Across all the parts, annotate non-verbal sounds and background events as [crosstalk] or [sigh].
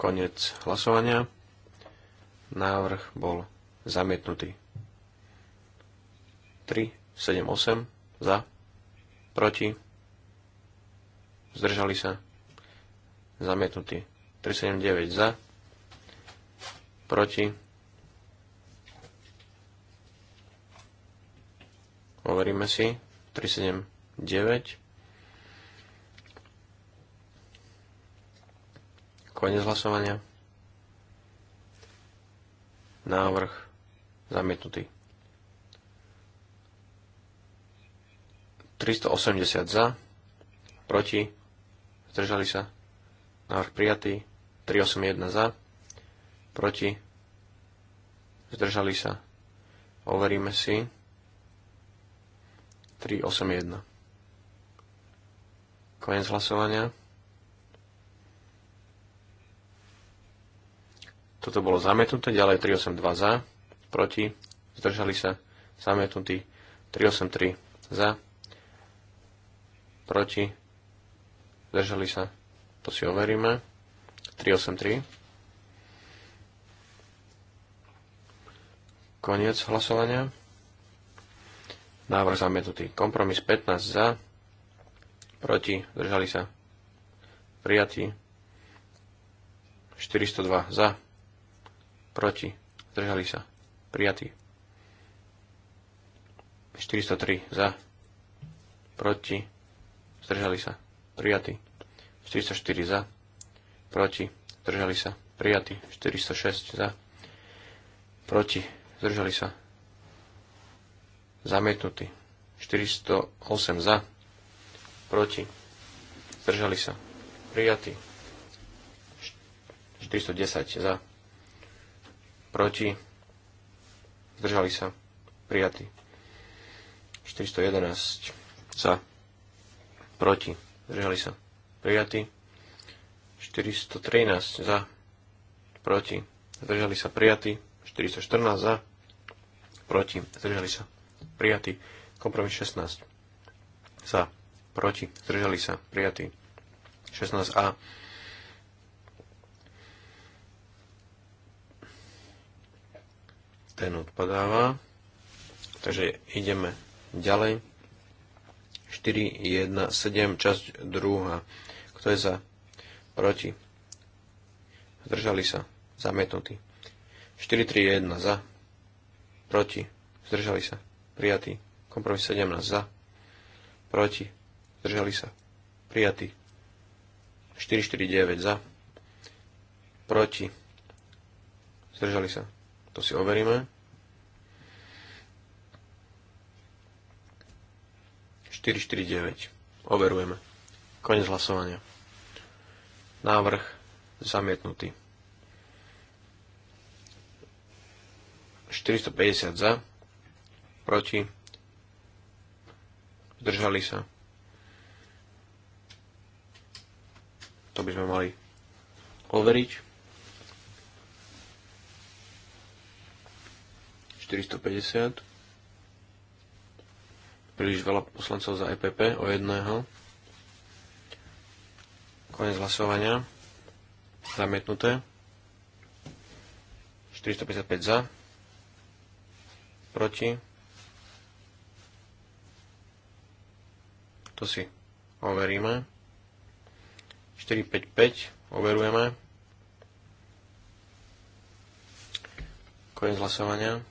Konec hlasovania. Návrh bol zamietnutý. 3, 7, 8 za, proti, zdržali sa, zamietnutý. 379 za, proti, overíme si, za, Konec hlasovania. Návrh zamietnutý. 380 za, proti, zdržali sa, návrh prijatý, 381 za, proti, zdržali sa, overíme si, 381. Konec hlasovania. Toto bolo zamietnuté, ďalej 382 za, proti, zdržali sa, zamietnutý 383 za, proti, zdržali sa, to si overíme, 383. Koniec hlasovania. Návrh zamietnutý. Kompromis 15 za, proti, zdržali sa, prijatý, 402 za, proti, zdržali sa, prijatý. 403 za, proti, zdržali sa, prijatý. 404 za, proti, zdržali sa, prijatý. 406 za, proti, zdržali sa, zamietnutý. 408 za, proti, zdržali sa, prijatý. 410 za, proti, zdržali sa, prijatí. 411 za, proti, zdržali sa, prijatí. 413 za, proti, zdržali sa, prijatí. 414 za, proti, zdržali sa, prijatí. Kompromis 16 za, proti, zdržali sa, prijatí. 16a ten odpadáva. Takže ideme ďalej. 4, 1, 7, časť 2. Kto je za? Proti. Zdržali sa. Zamietnutí. 4, 3, 1, za. Proti. Zdržali sa. Prijatý. Kompromis 17, za. Proti. Zdržali sa. Prijatý. 4, 4, 9, za. Proti. Zdržali sa to si overíme. 449. Overujeme. Konec hlasovania. Návrh zamietnutý. 450 za, proti, zdržali sa. To by sme mali overiť. 450. Príliš veľa poslancov za EPP, o jedného. Konec hlasovania. Zamietnuté. 455 za. Proti. To si overíme. 455 overujeme. Koniec hlasovania.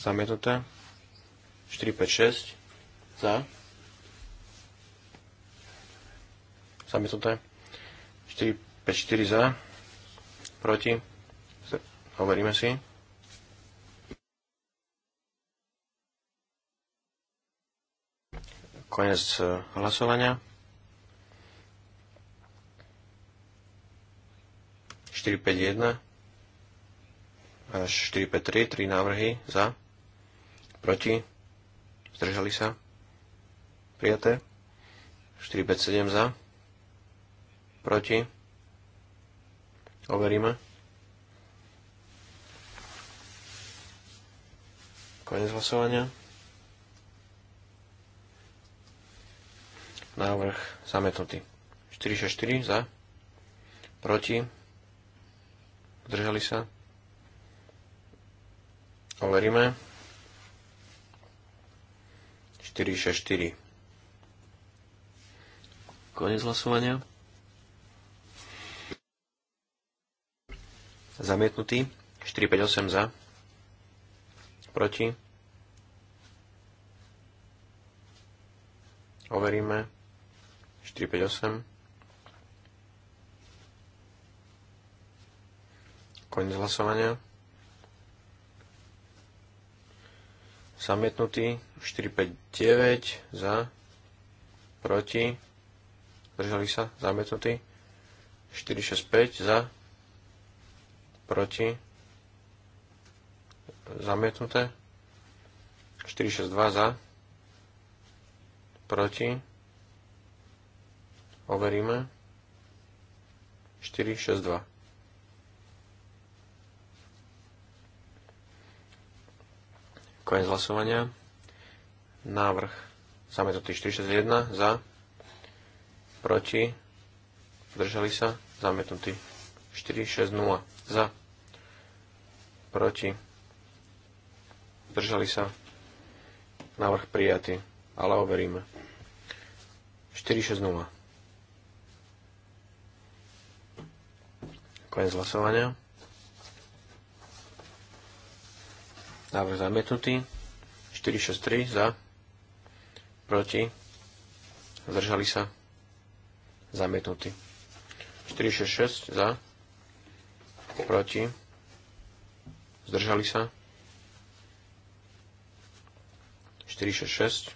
Zamietnuté. 4, 5, 6. Za. Zamietnuté. 4, 5, 4 za. Proti. Hovoríme si. Konec e, hlasovania. 4, 5, 451 až 453, 3 návrhy za proti, zdržali sa, prijaté, 7 za, proti, overíme. Konec hlasovania. Návrh zametnutý. 4 za, proti, zdržali sa, overíme. 464. Konec hlasovania. Zamietnutý. 458 za. Proti. Overíme. 458. Konec hlasovania. zamietnutý, 459 za, proti, zdržali sa, zamietnutý, 465 za, proti, zamietnuté, 462 za, proti, overíme, 462. Konec hlasovania. Návrh zamietnutý 461 za, proti, zdržali sa, zamietnutý 460 za, proti, zdržali sa, návrh prijatý, ale overíme. 460. Konec hlasovania. Návrh zamietnutý. 463 za. Proti. Zdržali sa. Zamietnutý. 466 za. Proti. Zdržali sa. 466.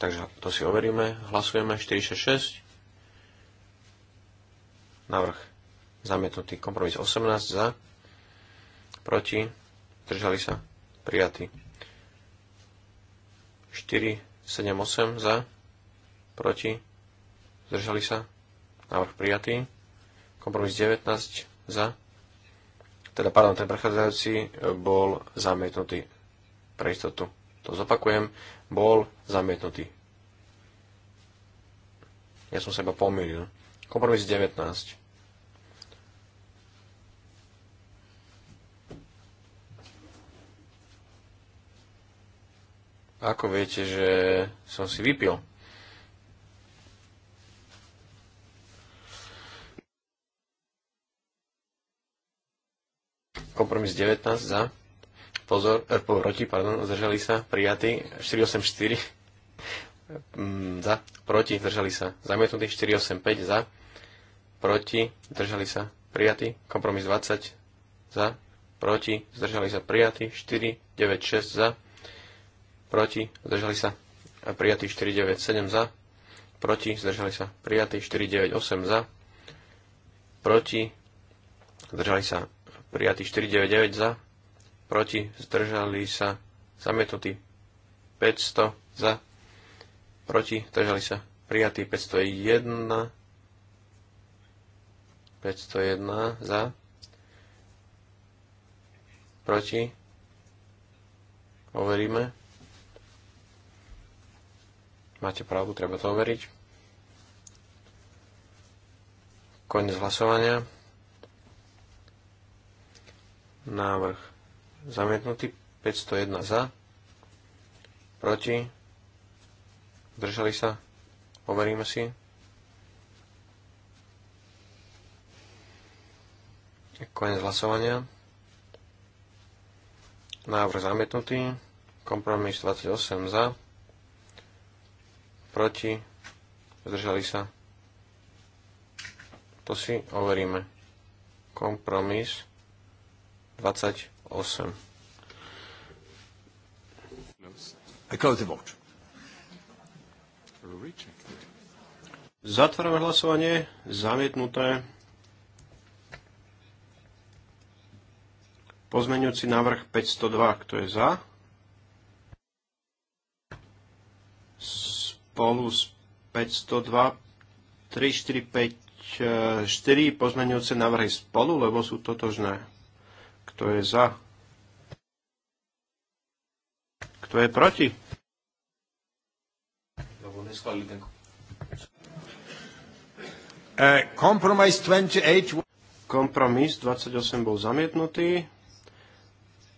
Takže to si overíme. Hlasujeme 466. Návrh zamietnutý. Kompromis 18 za, proti, držali, sa, prijatý. 4, 7, 8 za, proti, zdržali sa, návrh prijatý. Kompromis 19 za, teda pardon, ten prechádzajúci e, bol zamietnutý. Pre istotu to zopakujem, bol zamietnutý. Ja som seba pomýlil. Kompromis 19. Ako viete, že som si vypil? Kompromis 19 za. Pozor, er, proti, pardon, zdržali sa, prijatý, 484 mm, za, proti, zdržali sa, zamietnutý, 485 za, proti, zdržali sa, prijatý, kompromis 20 za, proti, zdržali sa, prijatý, 496 za, proti, zdržali sa, prijatý 497 za, proti, zdržali sa, prijatý 498 za, proti, zdržali sa, prijatý 499 za, proti, zdržali sa, zamietnutý 500 za, proti, zdržali sa, prijatý 501, 501 za, proti, overíme, Máte pravdu, treba to overiť. Konec hlasovania. Návrh zamietnutý. 501 za. Proti. Držali sa. Overíme si. Konec hlasovania. Návrh zamietnutý. Kompromis 28 za proti, zdržali sa. To si overíme. Kompromis 28. I close the vote. Zatvárame hlasovanie. Zamietnuté. Pozmeňujúci návrh 502. Kto je za? spolu s 502, 3, 4, 5, 4 pozmeňujúce návrhy spolu, lebo sú totožné. Kto je za? Kto je proti? Eh, Kompromis 28 bol zamietnutý.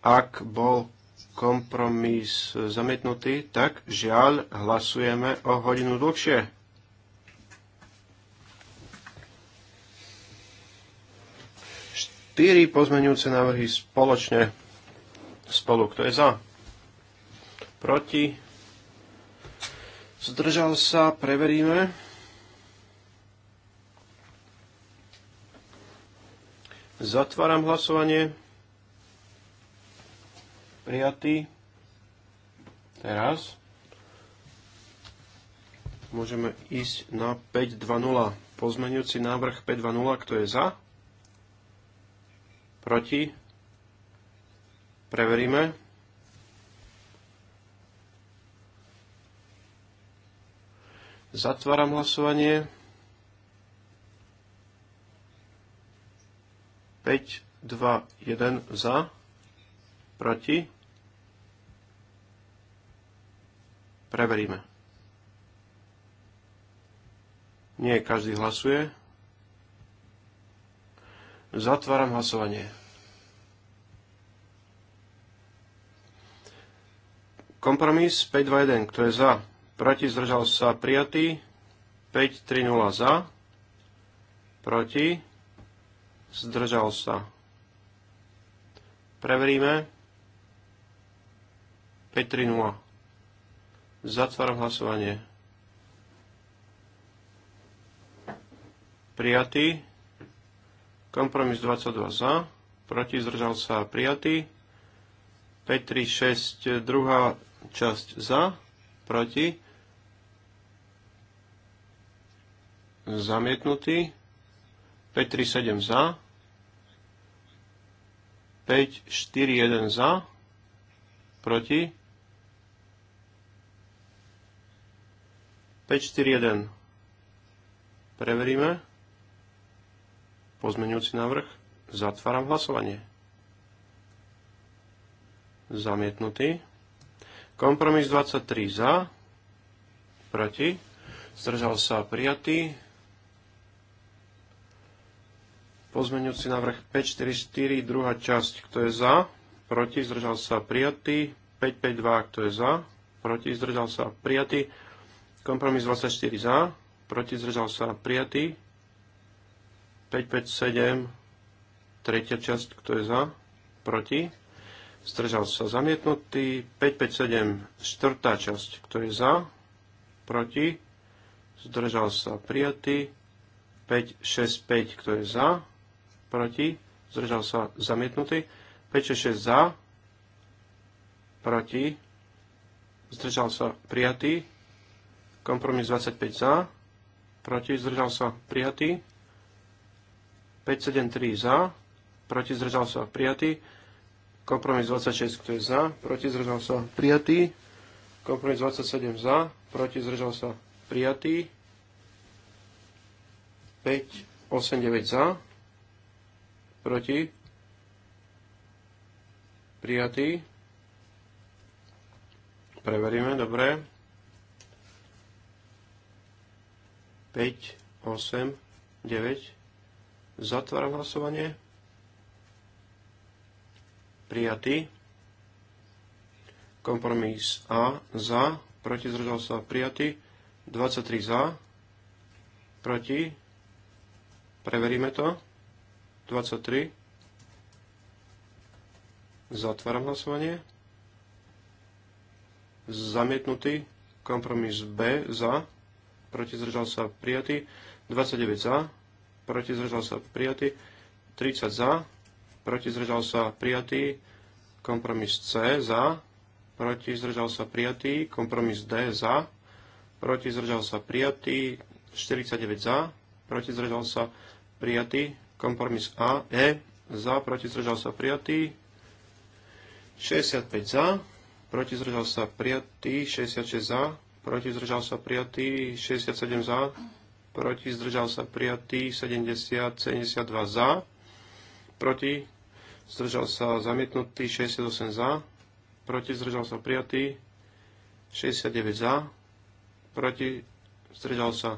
Ak bol kompromis zamietnutý, tak žiaľ hlasujeme o hodinu dlhšie. Štyri pozmenujúce návrhy spoločne spolu. Kto je za? Proti? Zdržal sa? Preveríme. Zatváram hlasovanie prijatý. Teraz môžeme ísť na 5.2.0. Pozmenujúci návrh 5.2.0, kto je za? Proti? Preveríme. Zatváram hlasovanie. 5, 2, 1 za, proti. Preveríme. Nie každý hlasuje. Zatváram hlasovanie. Kompromis 521, kto je za? Proti zdržal sa prijatý. 530 za. Proti. Zdržal sa. Preveríme. 530. Zatváram hlasovanie. Prijatý. Kompromis 22 za. Proti zdržal sa prijatý. 5, 3, 6, druhá časť za. Proti. Zamietnutý. 5, 3, 7 za. 5, 4, 1 za. Proti 541. Preveríme. Pozmeňujúci návrh. Zatváram hlasovanie. Zamietnutý. Kompromis 23 za. Proti. Zdržal sa prijatý. Pozmeňujúci návrh 544, druhá časť, kto je za, proti, zdržal sa prijatý, 552, kto je za, proti, zdržal sa prijatý, Kompromis 24 za, proti zdržal sa prijatý. 557, tretia časť, kto je za, proti. Zdržal sa zamietnutý. 557, štvrtá časť, kto je za, proti. Zdržal sa prijatý. 565, kto je za, proti. Zdržal sa zamietnutý. 566 za, proti. Zdržal sa prijatý. Kompromis 25 za. Proti zdržal sa prijatý. 573 za. Proti zdržal sa prijatý. Kompromis 26, kto je za. Proti zdržal sa prijatý. Kompromis 27 za. Proti zdržal sa prijatý. 589 za. Proti. Prijatý. Preveríme, dobre. 5, 8, 9. Zatváram hlasovanie. Prijatý. Kompromis A za, proti zdržal sa prijatý. 23 za, proti. Preveríme to. 23. Zatváram hlasovanie. Zamietnutý kompromis B za proti zdržal sa prijatý, 29 za, proti zdržal sa prijatý, 30 za, proti zdržal sa prijatý, kompromis C za, proti zdržal sa prijatý, kompromis D za, proti zdržal sa prijatý, 49 za, proti zdržal sa prijatý, kompromis A, E, za, proti zdržal sa prijatý, 65 za, proti zdržal sa prijatý, 66 za, proti zdržal sa prijatý, 67 za, proti zdržal sa prijatý, 70, 72 za, proti zdržal sa zamietnutý, 68 za, proti zdržal sa prijatý, 69 za, proti zdržal sa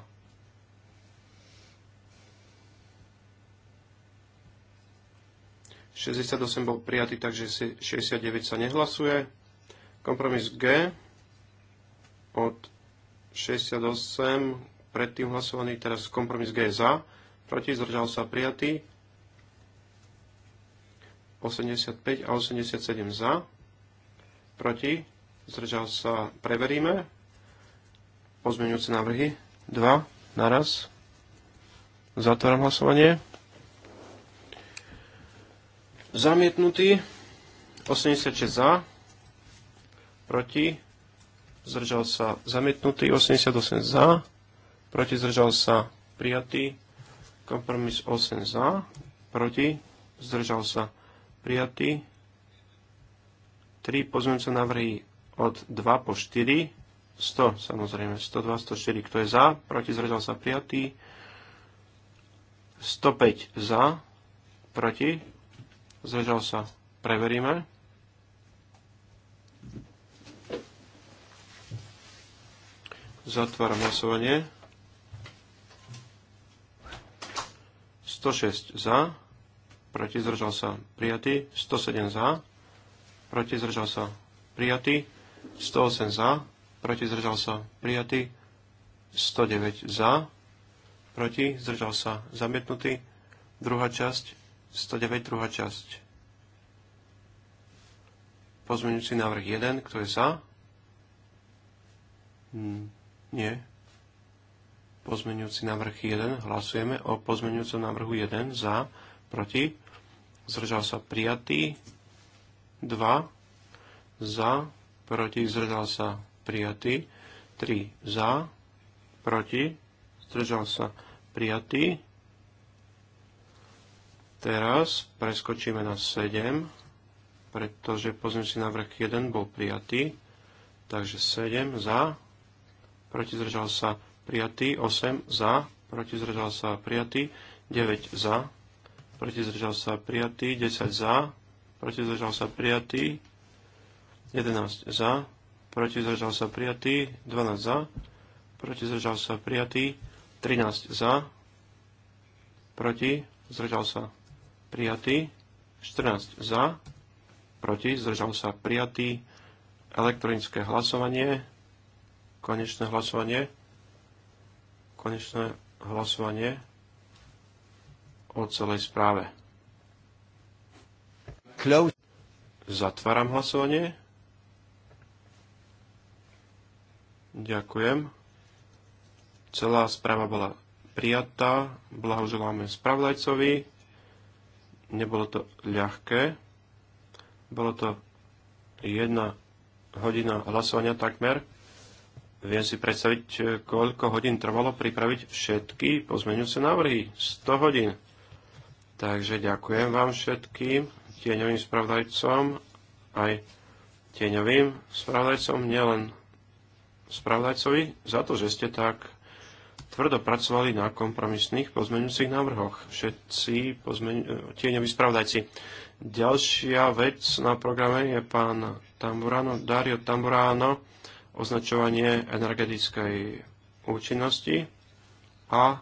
osem bol prijatý, takže 69 sa nehlasuje. Kompromis G od 68, predtým hlasovaný, teraz kompromis G je za, proti, zdržal sa prijatý, 85 a 87 za, proti, zdržal sa, preveríme, pozmeňujúce návrhy, 2, naraz, zatváram hlasovanie, zamietnutý, 86 za, proti, zdržal sa zamietnutý, 88 za, proti zdržal sa prijatý, kompromis 8 za, proti zdržal sa prijatý, 3 pozmeňujúce návrhy od 2 po 4, 100 samozrejme, 102, 104, kto je za, proti zdržal sa prijatý, 105 za, proti, zdržal sa, preveríme. Zatváram hlasovanie. 106 za, proti zdržal sa prijatý, 107 za, proti zdržal sa prijatý, 108 za, proti zdržal sa prijatý, 109 za, proti zdržal sa zamietnutý, druhá časť, 109 druhá časť. Pozmeňujúci návrh 1, kto je za? Hmm. Nie. Pozmeňujúci návrh 1. Hlasujeme o pozmeňujúcom návrhu 1. Za. Proti. Zdržal sa prijatý. 2. Za. Proti. Zdržal sa prijatý. 3. Za. Proti. Zdržal sa prijatý. Teraz preskočíme na 7, pretože pozmeňujúci návrh 1 bol prijatý. Takže 7 za, proti zdržal sa prijatý, 8 za, proti zdržal sa prijatý, 9 za, proti zdržal sa prijatý, 10 za, proti zdržal sa prijatý, 11 za, proti zdržal sa prijatý, 12 za, proti zdržal sa prijatý, 13 za, proti zdržal sa prijatý, 14 za, proti zdržal sa prijatý, elektronické hlasovanie, Konečné hlasovanie. Konečné hlasovanie o celej správe. Close. Zatváram hlasovanie. Ďakujem. Celá správa bola prijatá. Blahoželáme spravodajcovi. Nebolo to ľahké. Bolo to jedna hodina hlasovania takmer. Viem si predstaviť, e, koľko hodín trvalo pripraviť všetky pozmeňujúce návrhy. 100 hodín. Takže ďakujem vám všetkým, tieňovým spravodajcom, aj tieňovým spravodajcom, nielen spravodajcovi, za to, že ste tak tvrdo pracovali na kompromisných pozmeňujúcich návrhoch. Všetci pozmeň... E, tieňoví spravodajci. Ďalšia vec na programe je pán Tamburano, Dario Tamburano, označovanie energetickej účinnosti a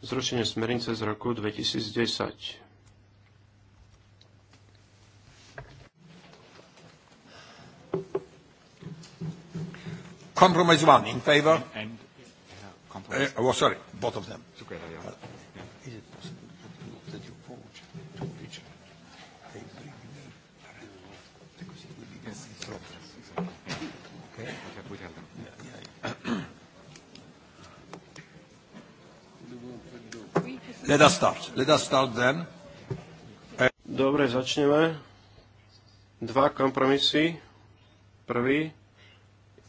zrušenie smernice z roku 2010. Compromise one in favor. And, and, uh, compromise. Uh, oh, sorry, both of them. Together, yeah. Let us start. Let us start then. Dobre, začneme. Dva kompromisy. Prvý,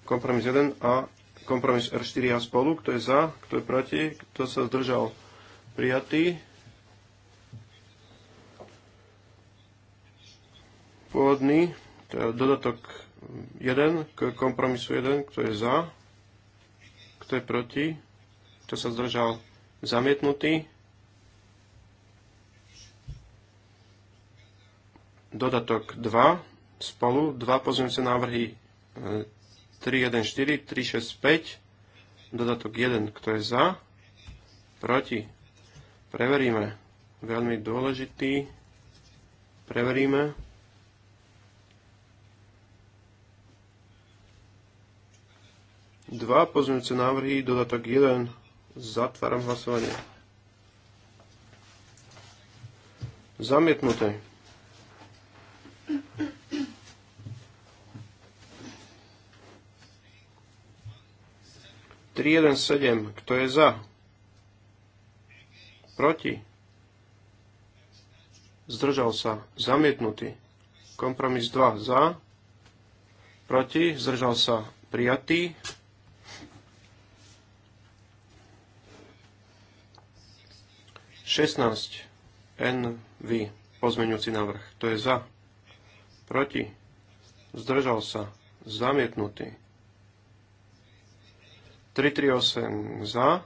kompromis 1 a kompromis R4 a spolu. Kto je za, kto je proti, kto sa zdržal prijatý. Pôvodný, to je dodatok 1 k kompromisu 1, kto je za, kto je proti, kto sa zdržal zamietnutý. dodatok 2 spolu, dva pozmeňujúce návrhy 314, e, 365, dodatok 1, kto je za, proti. Preveríme. Veľmi dôležitý. Preveríme. Dva pozmeňujúce návrhy, dodatok 1. Zatváram hlasovanie. Zamietnuté. 317, kto je za? Proti? Zdržal sa. Zamietnutý. Kompromis 2 za. Proti? Zdržal sa. Prijatý. Šestnáct. NV. Pozmeňujúci návrh. To je za. Proti. Zdržal sa. Zamietnutý. 338 za,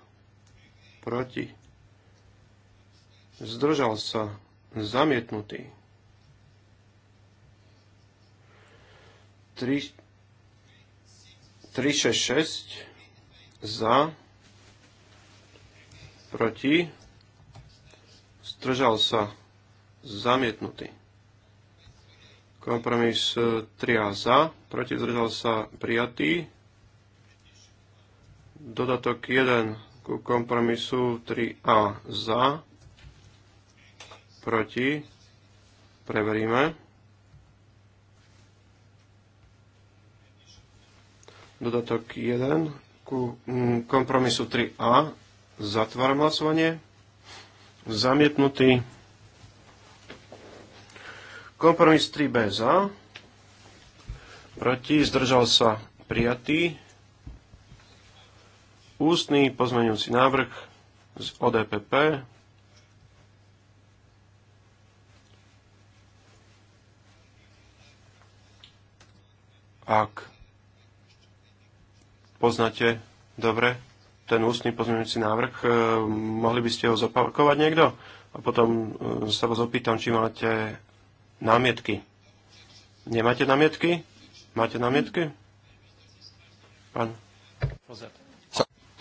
proti, zdržal sa, zamietnutý. 366 za, proti, zdržal sa, zamietnutý. Kompromis 3A e, za, proti zdržal sa prijatý. Dodatok 1 ku kompromisu 3a za, proti, preveríme. Dodatok 1 ku mm, kompromisu 3a, zatváram hlasovanie, zamietnutý. Kompromis 3b za, proti, zdržal sa prijatý. Ústny pozmeňujúci návrh z ODPP. Ak poznáte dobre ten ústny pozmeňujúci návrh, eh, mohli by ste ho zopakovať niekto? A potom eh, sa vás opýtam, či máte námietky. Nemáte námietky? Máte námietky? Pán. Pozrite.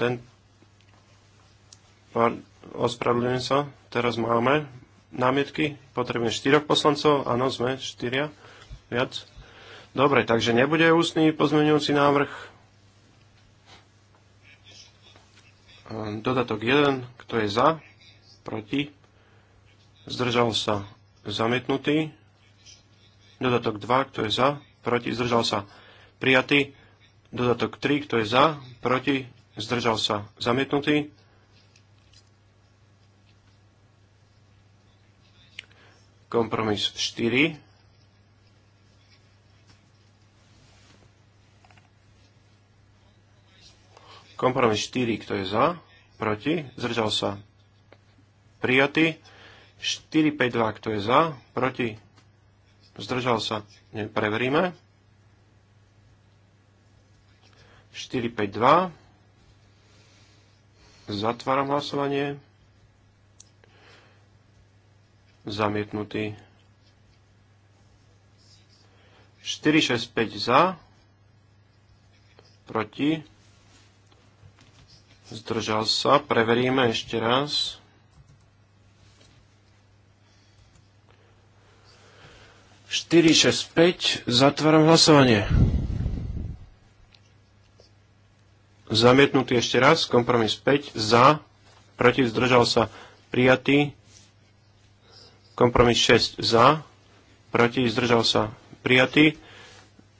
Ten... Ospravedlňujem sa. Teraz máme námietky. Potrebujeme štyroch poslancov. Áno, sme štyria. Viac. Dobre, takže nebude ústny pozmeňujúci návrh. Dodatok 1. Kto je za? Proti? Zdržal sa. Zamietnutý. Dodatok 2. Kto je za? Proti? Zdržal sa. Prijatý. Dodatok 3. Kto je za? Proti? zdržal sa zamietnutý. Kompromis 4. Kompromis 4, kto je za, proti, zdržal sa prijatý. 2, kto je za, proti, zdržal sa, preveríme. 452. Zatváram hlasovanie. Zamietnutý. 465 za. Proti. Zdržal sa. Preveríme ešte raz. Štyri, šesť, päť. Zatváram hlasovanie. Zamietnutý ešte raz. Kompromis 5. Za. Proti. Zdržal sa. Prijatý. Kompromis 6. Za. Proti. Zdržal sa. Prijatý.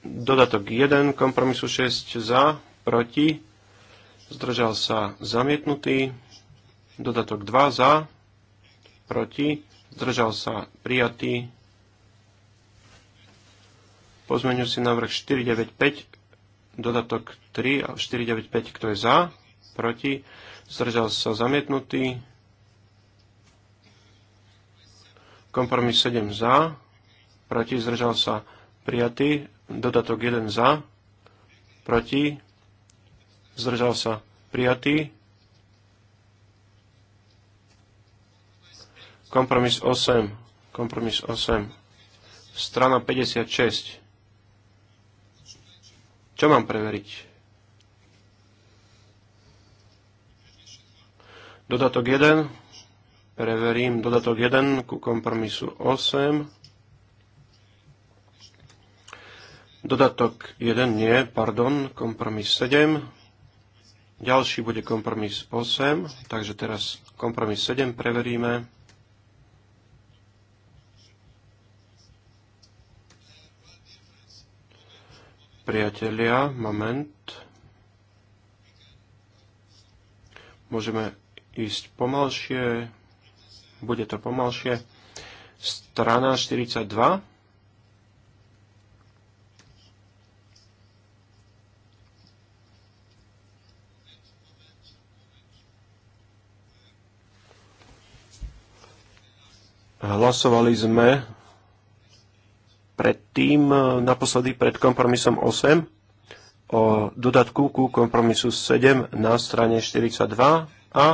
Dodatok 1. Kompromisu 6. Za. Proti. Zdržal sa. Zamietnutý. Dodatok 2. Za. Proti. Zdržal sa. Prijatý si návrh 495 dodatok 3 a 4 5, kto je za, proti, zdržal sa zamietnutý, kompromis 7 za, proti, zdržal sa prijatý, dodatok 1 za, proti, zdržal sa prijatý, kompromis 8, kompromis 8, strana 56, čo mám preveriť? Dodatok 1. Preverím dodatok 1 ku kompromisu 8. Dodatok 1 nie, pardon, kompromis 7. Ďalší bude kompromis 8, takže teraz kompromis 7 preveríme. Priatelia, moment. Môžeme ísť pomalšie. Bude to pomalšie. Strana 42. Hlasovali sme predtým, e, naposledy pred kompromisom 8, o dodatku ku kompromisu 7 na strane 42 a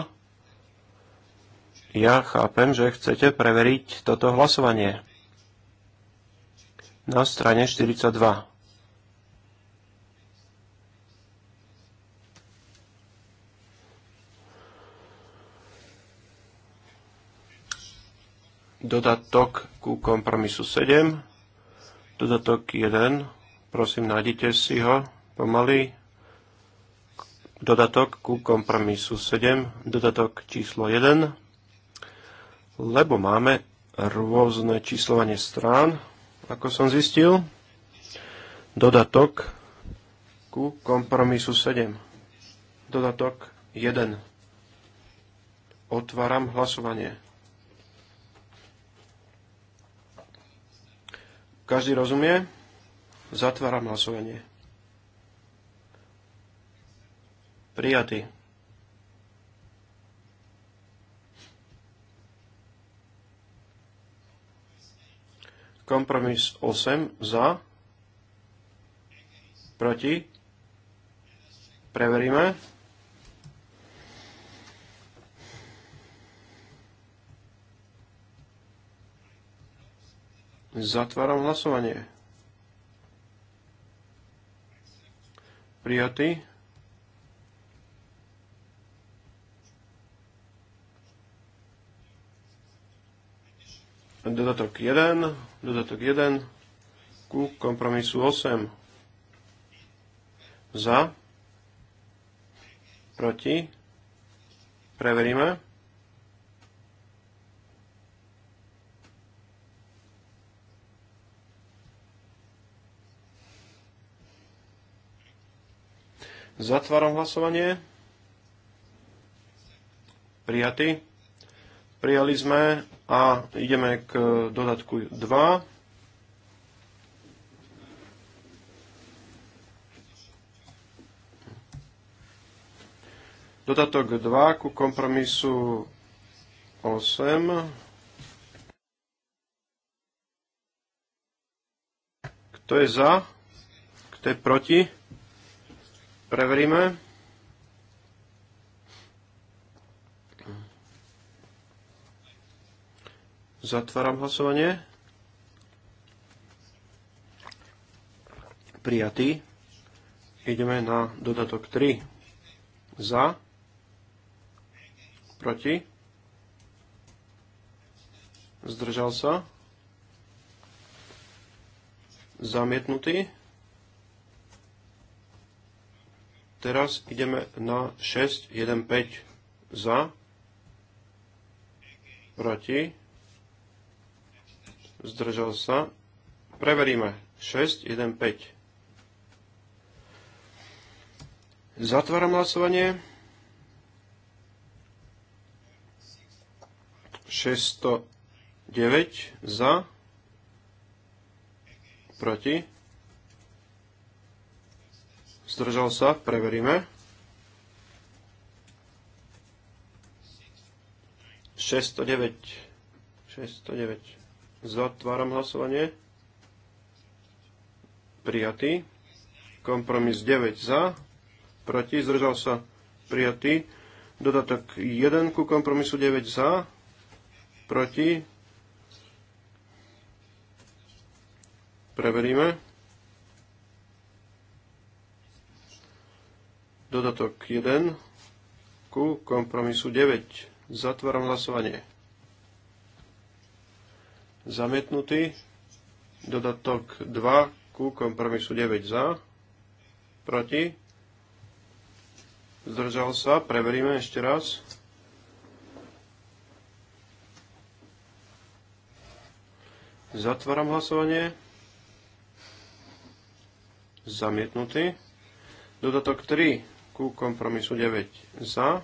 ja chápem, že chcete preveriť toto hlasovanie na strane 42. Dodatok ku kompromisu 7 Dodatok 1, prosím, nájdite si ho pomaly. Dodatok ku kompromisu 7, dodatok číslo 1, lebo máme rôzne číslovanie strán, ako som zistil. Dodatok ku kompromisu 7. Dodatok 1. Otváram hlasovanie. Každý rozumie? Zatváram hlasovanie. Prijatý. Kompromis 8 za. Proti. Preveríme. Zatváram hlasovanie. Prijatý. Dodatok 1, dodatok 1 ku kompromisu 8. Za. Proti. Preveríme. Zatváram hlasovanie. Prijatý. Prijali sme a ideme k dodatku 2. Dodatok 2 ku kompromisu 8. Kto je za? Kto je proti? Preveríme. Zatváram hlasovanie. Prijatý. Ideme na dodatok 3. Za. Proti. Zdržal sa. Zamietnutý. Teraz ideme na 6, 1, 5 za, proti, zdržal sa. Preveríme. 6, 1, 5. Zatváram hlasovanie. 609 za, proti, Zdržal sa? Preveríme. 609. 609. Zatváram hlasovanie. Prijatý. Kompromis 9 za. Proti. Zdržal sa. Prijatý. Dodatok 1 ku kompromisu 9 za. Proti. Preveríme. dodatok 1 ku kompromisu 9. Zatváram hlasovanie. Zamietnutý dodatok 2 ku kompromisu 9 za. Proti. Zdržal sa. Preveríme ešte raz. Zatváram hlasovanie. Zamietnutý. Dodatok 3 ku kompromisu 9 za,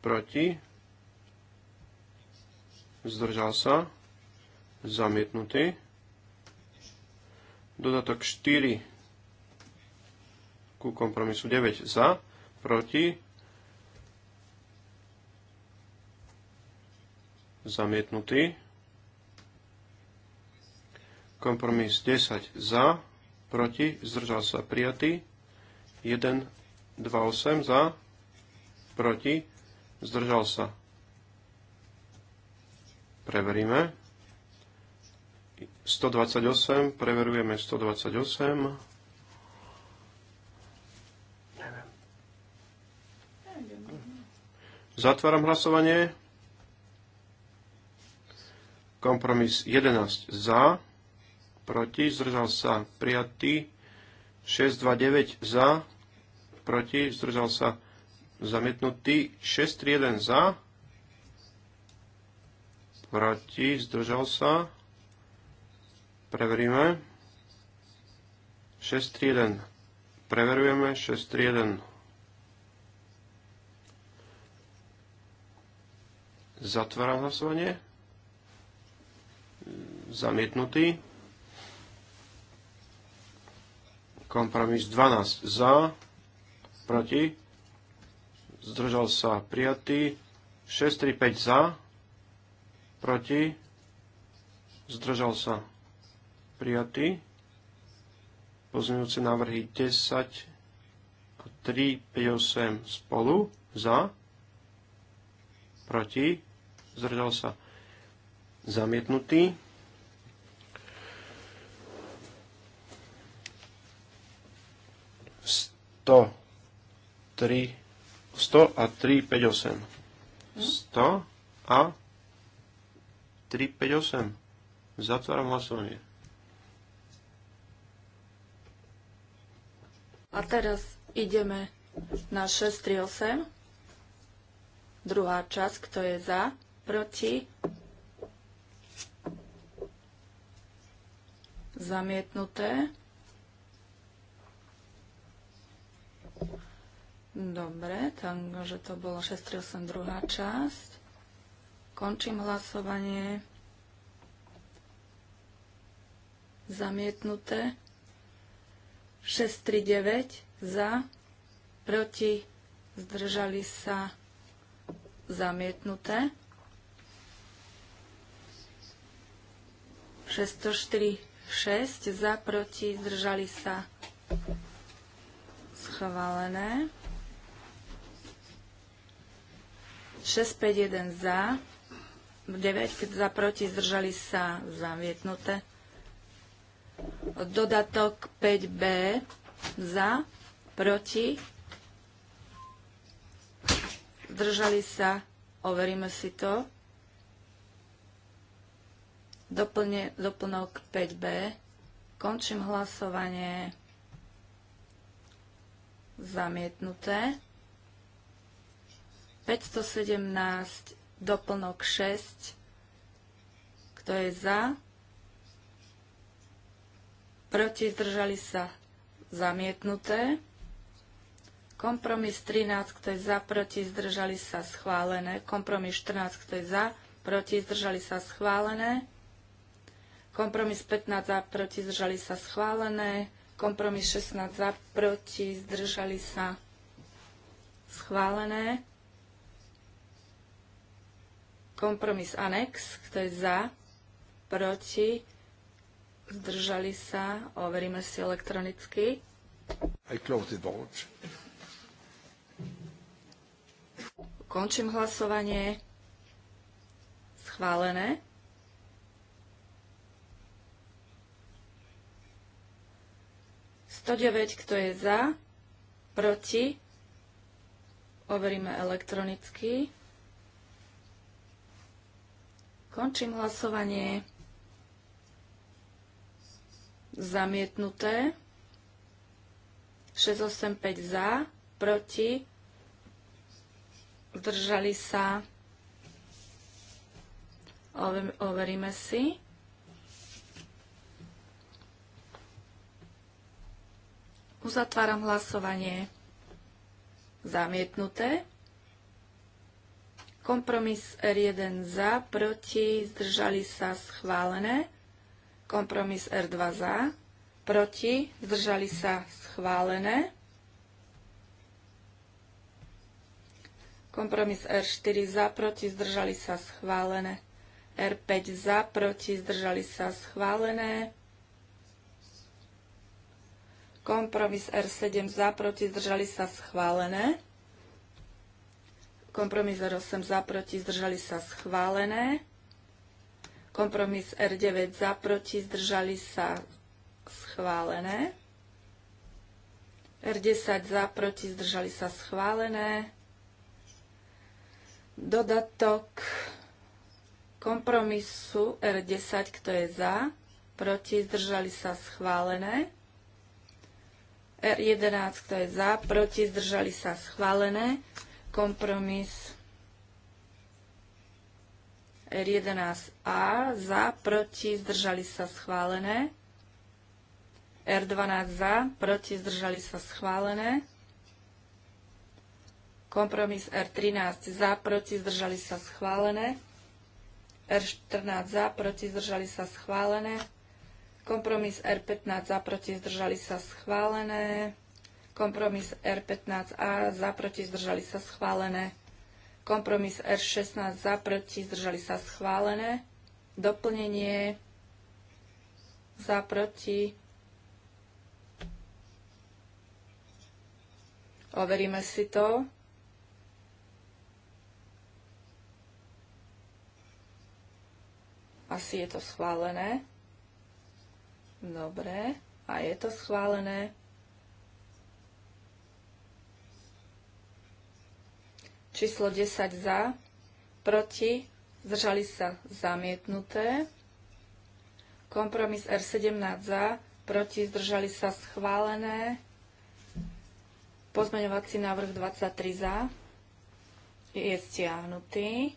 proti, zdržal sa, zamietnutý. Dodatok 4 ku kompromisu 9 za, proti, zamietnutý. Kompromis 10 za, proti, zdržal sa prijatý. 1, 2, 8 za, proti, zdržal sa. Preveríme. 128, preverujeme 128. Zatváram hlasovanie. Kompromis 11 za, proti, zdržal sa prijatý. 6, 2, 9 za, proti, zdržal sa zamietnutý, 6, 3, 1 za, proti, zdržal sa, preveríme, 6, 3, 1, preverujeme, 6, 3, 1, zatváram hlasovanie, zamietnutý, Kompromis 12 za, proti, zdržal sa prijatý. 635 za, proti, zdržal sa prijatý. Pozmeňujúce návrhy 10 a 3, 5, 8 spolu za, proti, zdržal sa zamietnutý. 103, 100 a 358. 100 a 358. Zatváram hlasovanie. A teraz ideme na 638. Druhá časť, kto je za, proti, zamietnuté. Dobre, takže to bolo 638 druhá časť. Končím hlasovanie. Zamietnuté. 639 za, proti, zdržali sa, zamietnuté. 604 6 za, proti, zdržali sa, schválené. 651 za, 9 za proti, zdržali sa zamietnuté. Dodatok 5b za, proti, zdržali sa, overíme si to. Doplne, doplnok 5b. Končím hlasovanie zamietnuté. 517 doplnok 6. Kto je za? Proti zdržali sa zamietnuté. Kompromis 13, kto je za, proti zdržali sa schválené. Kompromis 14, kto je za, proti zdržali sa schválené. Kompromis 15 za, proti zdržali sa schválené. Kompromis 16 za, proti, zdržali sa schválené. Kompromis anex, kto je za, proti, zdržali sa, overíme si elektronicky. I close the Končím hlasovanie. Schválené. 109, kto je za, proti, overíme elektronicky. Končím hlasovanie. Zamietnuté. 685 za, proti, zdržali sa. Overíme si. Uzatváram hlasovanie. Zamietnuté. Kompromis R1 za, proti, zdržali sa schválené. Kompromis R2 za, proti, zdržali sa schválené. Kompromis R4 za, proti, zdržali sa schválené. R5 za, proti, zdržali sa schválené. Kompromis R7 za, proti, zdržali sa schválené. Kompromis R8 za, proti, zdržali sa schválené. Kompromis R9 za, proti, zdržali sa schválené. R10 za, proti, zdržali sa schválené. Dodatok kompromisu R10, kto je za, proti, zdržali sa schválené. R11, kto je za, proti, zdržali sa schválené. Kompromis R11A, za, proti, zdržali sa schválené. R12 za, proti, zdržali sa schválené. Kompromis R13 za, proti, zdržali sa schválené. R14 za, proti, zdržali sa schválené. Kompromis R15 za, proti, zdržali sa schválené. Kompromis R15A za, proti, zdržali sa schválené. Kompromis R16 za, proti, zdržali sa schválené. Doplnenie za, proti. Overíme si to. Asi je to schválené. Dobre, a je to schválené. Číslo 10 za, proti, zdržali sa zamietnuté. Kompromis R17 za, proti, zdržali sa schválené. Pozmeňovací návrh 23 za je stiahnutý.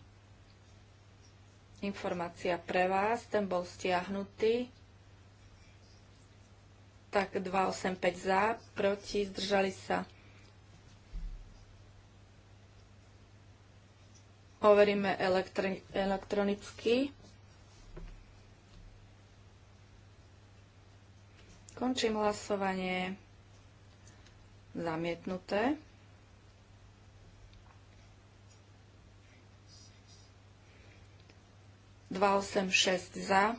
Informácia pre vás, ten bol stiahnutý tak 285 za, proti, zdržali sa. Overíme elektronicky. Končím hlasovanie. Zamietnuté. šest za,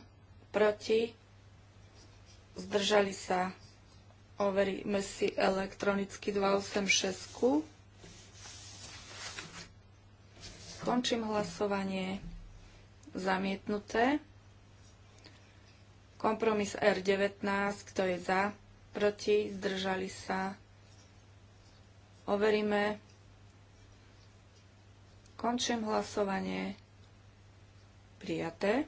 proti, zdržali sa, overíme si elektronicky 286. Končím hlasovanie zamietnuté. Kompromis R19, kto je za, proti, zdržali sa. Overíme. Končím hlasovanie prijaté.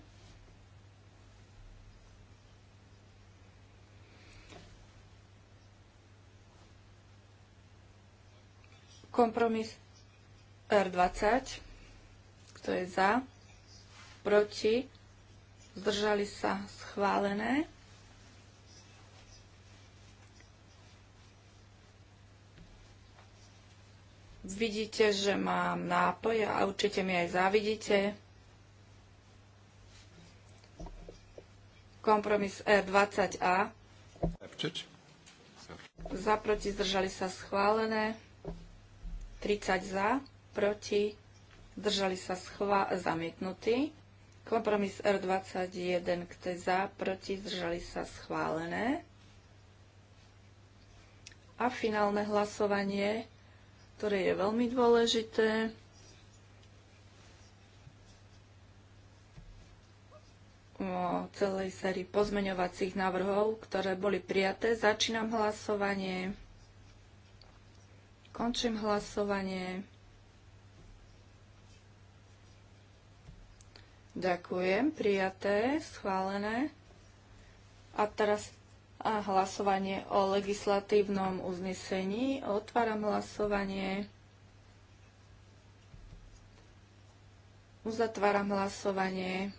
Kompromis R20. Kto je za? Proti? Zdržali sa schválené. Vidíte, že mám nápoj a určite mi aj závidíte. Kompromis R20A. Za proti zdržali sa schválené. 30 za, proti, zdržali sa schva, zamietnutý. Kompromis R21, kto za, proti, zdržali sa schválené. A finálne hlasovanie, ktoré je veľmi dôležité. o celej sérii pozmeňovacích návrhov, ktoré boli prijaté. Začínam hlasovanie. Končím hlasovanie. Ďakujem. Prijaté, schválené. A teraz a hlasovanie o legislatívnom uznesení. Otváram hlasovanie. Uzatváram hlasovanie.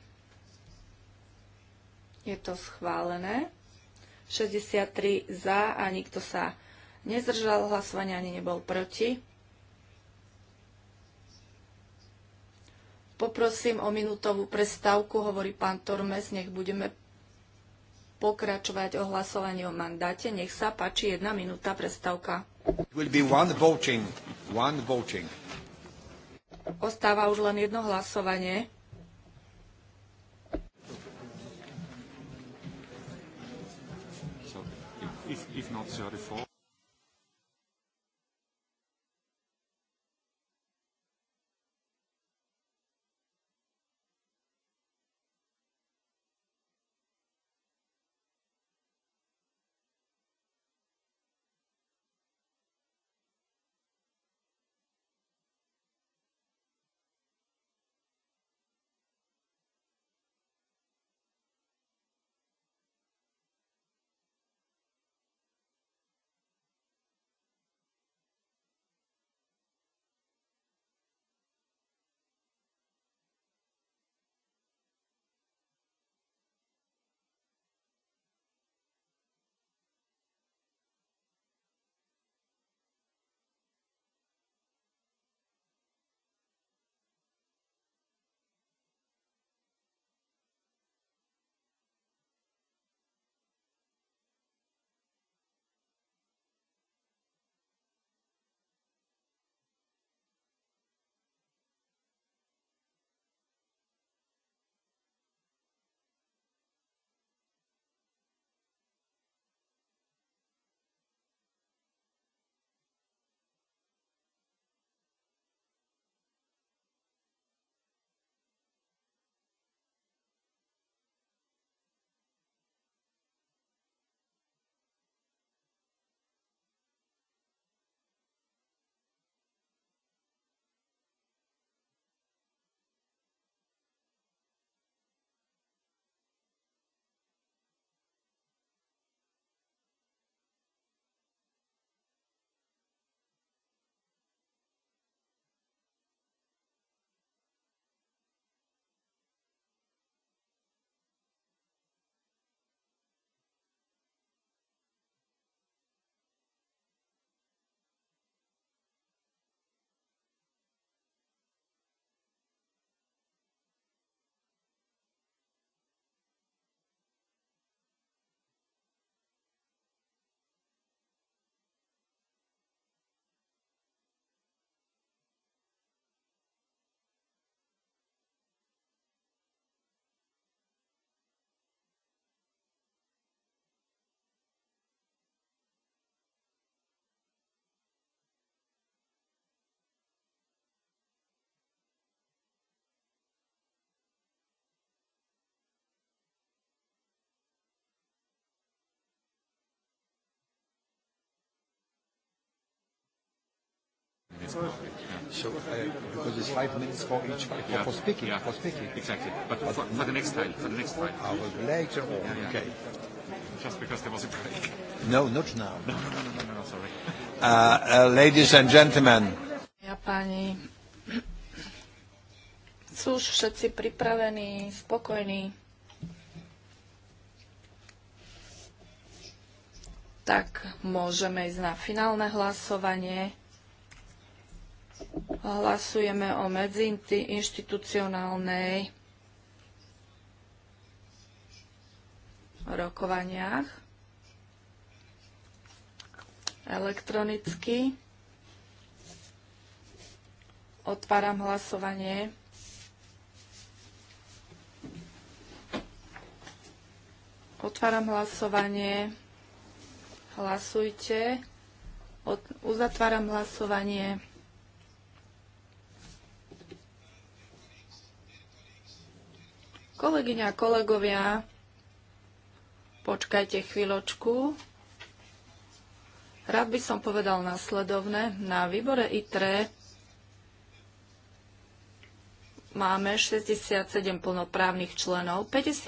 Je to schválené. 63 za a nikto sa nezdržal hlasovania ani nebol proti. Poprosím o minútovú prestávku, hovorí pán Tormes, nech budeme pokračovať o hlasovaní o mandáte. Nech sa páči jedna minúta prestávka. One voting. One voting. Ostáva už len jedno hlasovanie. If, if not, So, uh, because it's five minutes for each for, yeah. for speaking. Yeah. For speaking. Exactly. But, but for, for the next time. For the next time. I will later on. Yeah, yeah. Okay. Just because there was a break. No, not now. No, no, no, no, no, no sorry. Uh, uh, ladies and gentlemen. Ja, Sú už všetci pripravení, spokojní. Tak môžeme ísť na finálne hlasovanie. Hlasujeme o inštitucionálnej rokovaniach elektronicky. Otváram hlasovanie. Otváram hlasovanie. Hlasujte. Uzatváram hlasovanie. Kolegyňa a kolegovia, počkajte chvíľočku. Rád by som povedal následovné. Na výbore ITRE máme 67 plnoprávnych členov, 50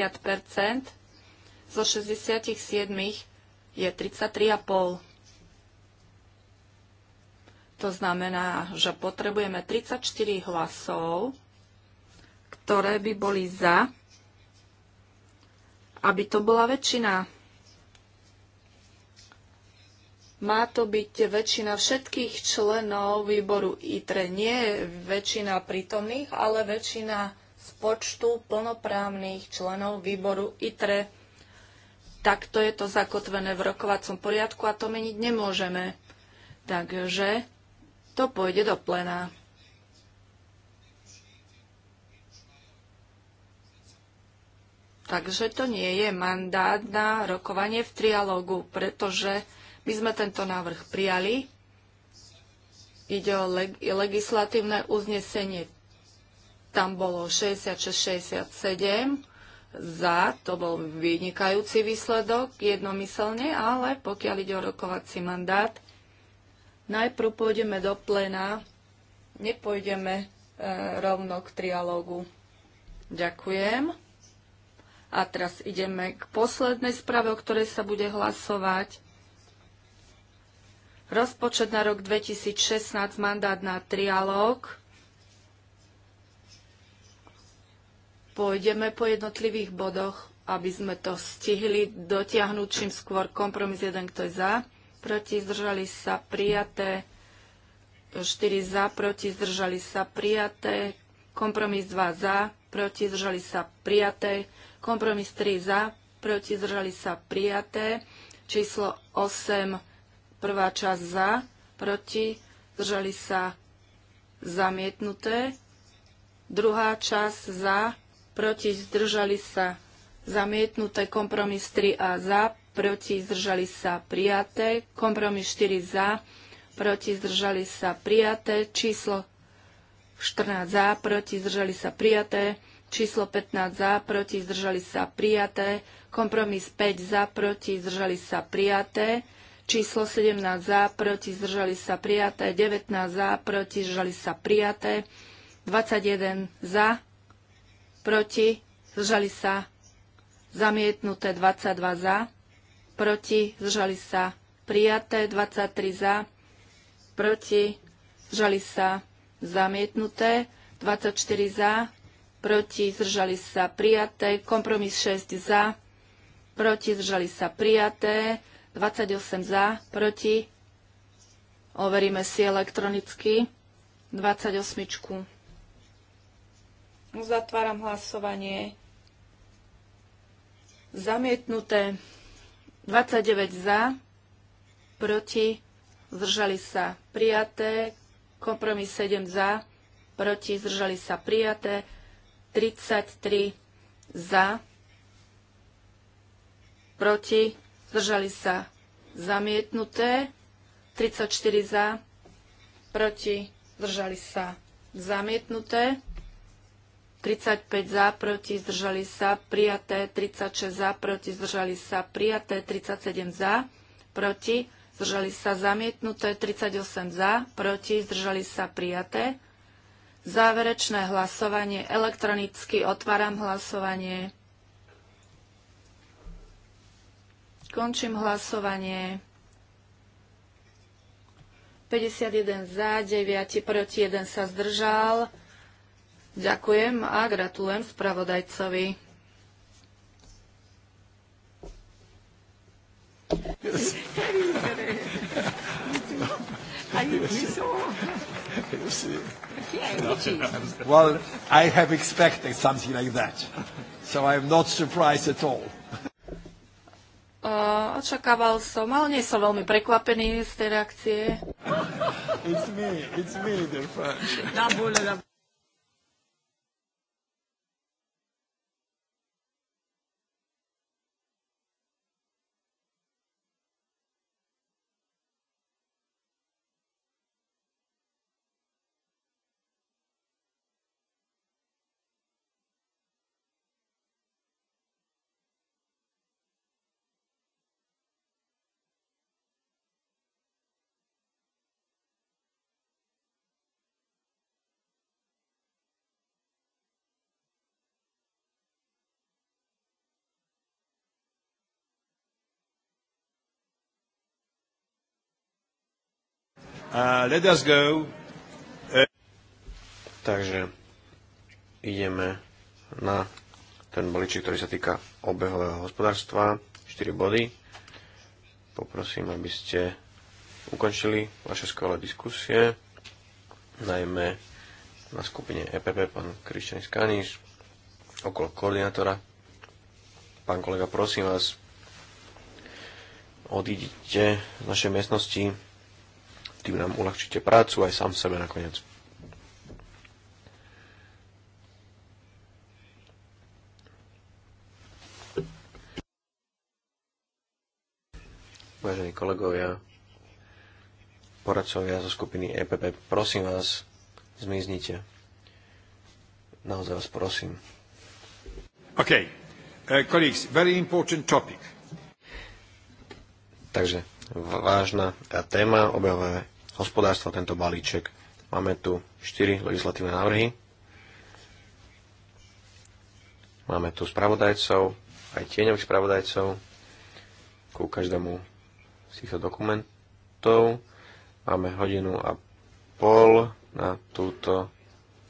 zo 67 je 33,5. To znamená, že potrebujeme 34 hlasov, ktoré by boli za aby to bola väčšina. Má to byť väčšina všetkých členov výboru ITRE, nie väčšina prítomných, ale väčšina z počtu plnoprávnych členov výboru ITRE. Takto je to zakotvené v rokovacom poriadku a to meniť nemôžeme. Takže to pôjde do plena. Takže to nie je mandát na rokovanie v trialógu, pretože my sme tento návrh prijali. Ide o leg- legislatívne uznesenie. Tam bolo 66-67 za, to bol vynikajúci výsledok jednomyselne, ale pokiaľ ide o rokovací mandát, najprv pôjdeme do plena, nepôjdeme e, rovno k trialógu. Ďakujem. A teraz ideme k poslednej správe, o ktorej sa bude hlasovať. Rozpočet na rok 2016, mandát na trialóg. Pôjdeme po jednotlivých bodoch, aby sme to stihli dotiahnuť čím skôr. Kompromis 1, kto je za, proti, zdržali sa, prijaté. 4 za, proti, zdržali sa, prijaté. Kompromis 2 za, proti, zdržali sa, prijaté. Kompromis 3 za, proti zdržali sa prijaté. Číslo 8, prvá časť za, proti zdržali sa zamietnuté. Druhá časť za, proti zdržali sa zamietnuté. Kompromis 3a za, proti zdržali sa prijaté. Kompromis 4 za, proti zdržali sa prijaté. Číslo 14 za, proti zdržali sa prijaté číslo 15 za, proti, zdržali sa prijaté, kompromis 5 za, proti, zdržali sa prijaté, číslo 17 za, proti, zdržali sa prijaté, 19 za, proti, zdržali sa prijaté, 21 za, proti, zdržali sa zamietnuté, 22 za, proti, zdržali sa prijaté, 23 za, proti, zdržali sa zamietnuté, 24 za, proti, zdržali sa prijaté, kompromis 6 za, proti, zdržali sa prijaté, 28 za, proti, overíme si elektronicky, 28. Uzatváram hlasovanie. Zamietnuté 29 za, proti, zdržali sa prijaté, kompromis 7 za, proti, zdržali sa prijaté, 33 za, proti, zdržali sa zamietnuté, 34 za, proti, zdržali sa zamietnuté, 35 za, proti, zdržali sa prijaté, 36 za, proti, zdržali sa prijaté, 37 za, proti, zdržali sa zamietnuté, 38 za, proti, zdržali sa prijaté, Záverečné hlasovanie. Elektronicky otváram hlasovanie. Končím hlasovanie. 51 za, 9 proti, 1 sa zdržal. Ďakujem a gratulujem spravodajcovi. Yes. [laughs] [laughs] [laughs] well, I have expected something like that, so I am not surprised at all. Uh, očakával som, ale nie som veľmi prekvapený z tej reakcie. It's me, it's me, dear French. Uh, let us go. Uh... Takže ideme na ten balíček, ktorý sa týka obehového hospodárstva. 4 body. Poprosím, aby ste ukončili vaše skvelé diskusie, najmä na skupine EPP pán Krišťan Skaniš, okolo koordinátora. Pán kolega, prosím vás, odídite z našej miestnosti tým nám uľahčíte prácu aj sám sebe nakoniec. Vážení kolegovia, poradcovia zo skupiny EPP, prosím vás, zmiznite. Naozaj vás prosím. OK. Uh, colleagues, very important topic. Takže vážna téma, obehové hospodárstva, tento balíček. Máme tu 4 legislatívne návrhy. Máme tu spravodajcov, aj tieňových spravodajcov ku každému z týchto dokumentov. Máme hodinu a pol na túto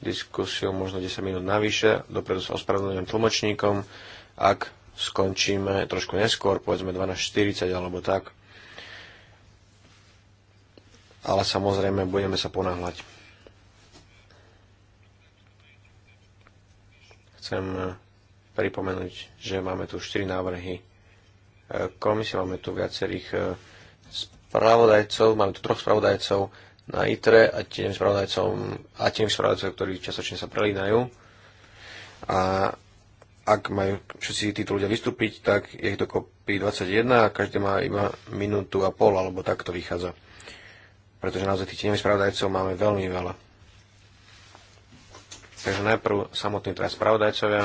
diskusiu, možno 10 minút navyše. Dopredu sa ospravedlňujem tlmočníkom. Ak skončíme trošku neskôr, povedzme 12.40 alebo tak, ale samozrejme budeme sa ponáhľať. Chcem pripomenúť, že máme tu 4 návrhy e, komisie, máme tu viacerých e, spravodajcov, máme tu troch spravodajcov na ITRE a tým spravodajcom a tým spravodajcov, ktorí častočne sa prelínajú. A ak majú všetci títo ľudia vystúpiť, tak je ich dokopy 21 a každý má iba minútu a pol, alebo tak to vychádza pretože naozaj tých tieňových spravodajcov máme veľmi veľa. Takže najprv samotní teda spravodajcovia.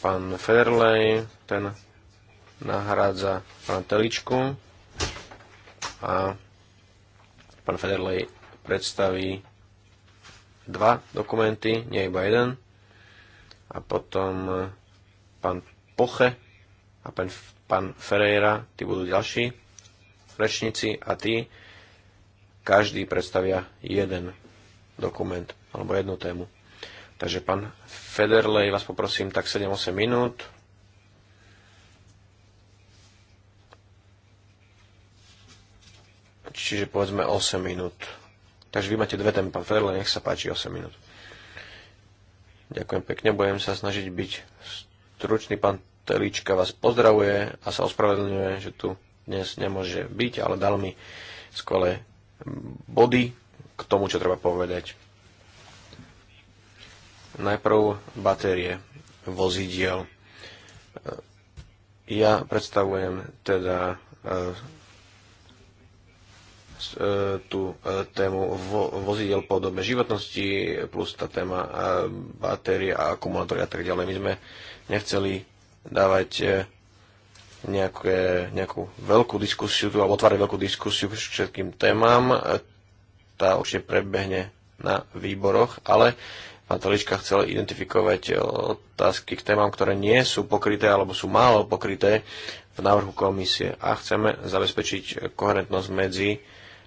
Pán Federley, ten nahrádza pán Teličku a pán Federlej predstaví dva dokumenty, nie iba jeden. A potom pán Poche a pán, pán Ferreira, tí budú ďalší rečníci a tí každý predstavia jeden dokument alebo jednu tému. Takže pán Federlej, vás poprosím tak 7-8 minút. Čiže povedzme 8 minút. Takže vy máte dve témy, pán Federlej, nech sa páči 8 minút. Ďakujem pekne, budem sa snažiť byť stručný. Pán Telička vás pozdravuje a sa ospravedlňuje, že tu dnes nemôže byť, ale dal mi skvelé body k tomu, čo treba povedať. Najprv batérie vozidiel. E, ja predstavujem teda e, e, tú tému vozidel po dobe životnosti plus tá téma batérie a akumulátory a tak ďalej. My sme nechceli dávať nejaké, nejakú veľkú diskusiu, tu, alebo otvára veľkú diskusiu k všetkým témam. Tá určite prebehne na výboroch, ale pán Telička chcel identifikovať otázky k témam, ktoré nie sú pokryté alebo sú málo pokryté v návrhu komisie a chceme zabezpečiť koherentnosť medzi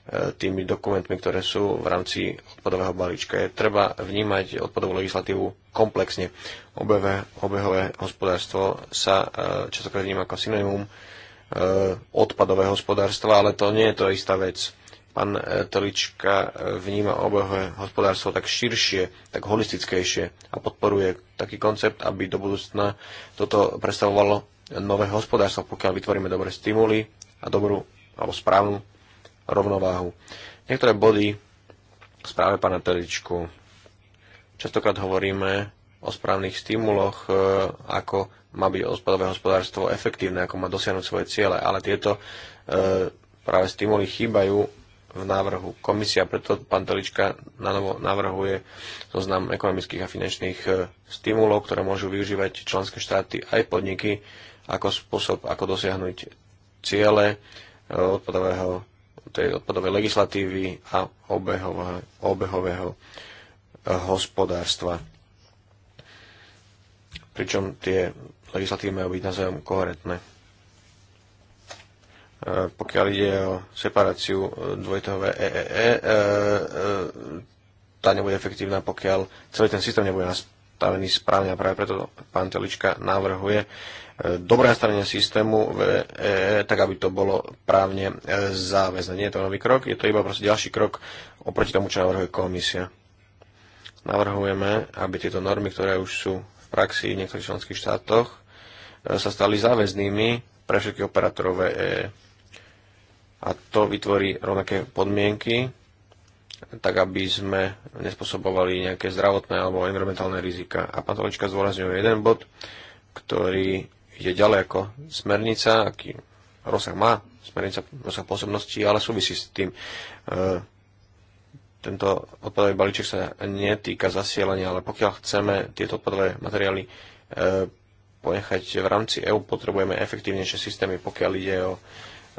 tými dokumentmi, ktoré sú v rámci odpadového balíčka. Je treba vnímať odpadovú legislatívu komplexne. Obehové, obehové hospodárstvo sa eh, častokrát vníma ako synonymum eh, odpadového hospodárstva, ale to nie je to istá vec. Pán eh, Telička vníma obehové hospodárstvo tak širšie, tak holistickejšie a podporuje taký koncept, aby do budúcna toto predstavovalo nové hospodárstvo, pokiaľ vytvoríme dobré stimuly a dobrú alebo správnu rovnováhu. Niektoré body v správe pána Teličku. Častokrát hovoríme o správnych stimuloch, e, ako má byť odpadové hospodárstvo efektívne, ako má dosiahnuť svoje ciele, ale tieto e, práve stimuly chýbajú v návrhu. Komisia preto pán Telička na novo navrhuje zoznam ekonomických a finančných e, stimulov, ktoré môžu využívať členské štáty aj podniky ako spôsob, ako dosiahnuť ciele odpadového tej odpadovej legislatívy a obehového, obehového hospodárstva. Pričom tie legislatívy majú byť navzájom koherentné. Eh, pokiaľ ide o separáciu eh, dvojitého EEE, e e, eh, tá nebude efektívna, pokiaľ celý ten systém nebude nastavený správne a práve preto pán Telička navrhuje dobré nastavenie systému, e e e, tak aby to bolo právne záväzné. Nie je to nový krok, je to iba proste ďalší krok oproti tomu, čo navrhuje komisia. Navrhujeme, aby tieto normy, ktoré už sú v praxi v niektorých členských štátoch, sa stali záväznými pre všetky operátorov EE. A to vytvorí rovnaké podmienky, tak aby sme nespôsobovali nejaké zdravotné alebo environmentálne rizika. A pán Tolička zvorazňuje jeden bod, ktorý ide ďalej ako smernica, aký rozsah má smernica, rozsah pôsobnosti, ale súvisí s tým. E, tento odpadový balíček sa netýka zasielania, ale pokiaľ chceme tieto odpadové materiály e, ponechať v rámci EÚ, potrebujeme efektívnejšie systémy, pokiaľ ide o e,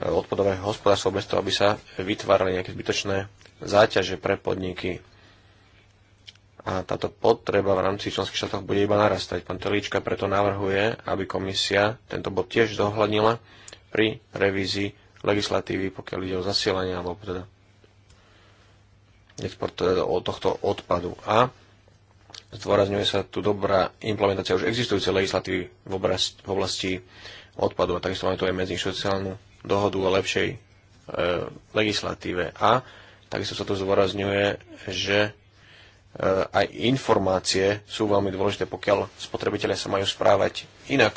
odpadové hospodárstvo, bez toho, aby sa vytvárali nejaké zbytočné záťaže pre podniky a táto potreba v rámci členských štátov bude iba narastať. Pán Telička preto navrhuje, aby komisia tento bod tiež zohľadnila pri revízii legislatívy, pokiaľ ide o zasielanie alebo teda export teda tohto odpadu. A zdôrazňuje sa tu dobrá implementácia už existujúcej legislatívy v, oblasti, v oblasti odpadu a takisto máme tu aj medziinštitucionálnu dohodu o lepšej e, legislatíve. A takisto sa tu zdôrazňuje, že E, aj informácie sú veľmi dôležité, pokiaľ spotrebitelia sa majú správať inak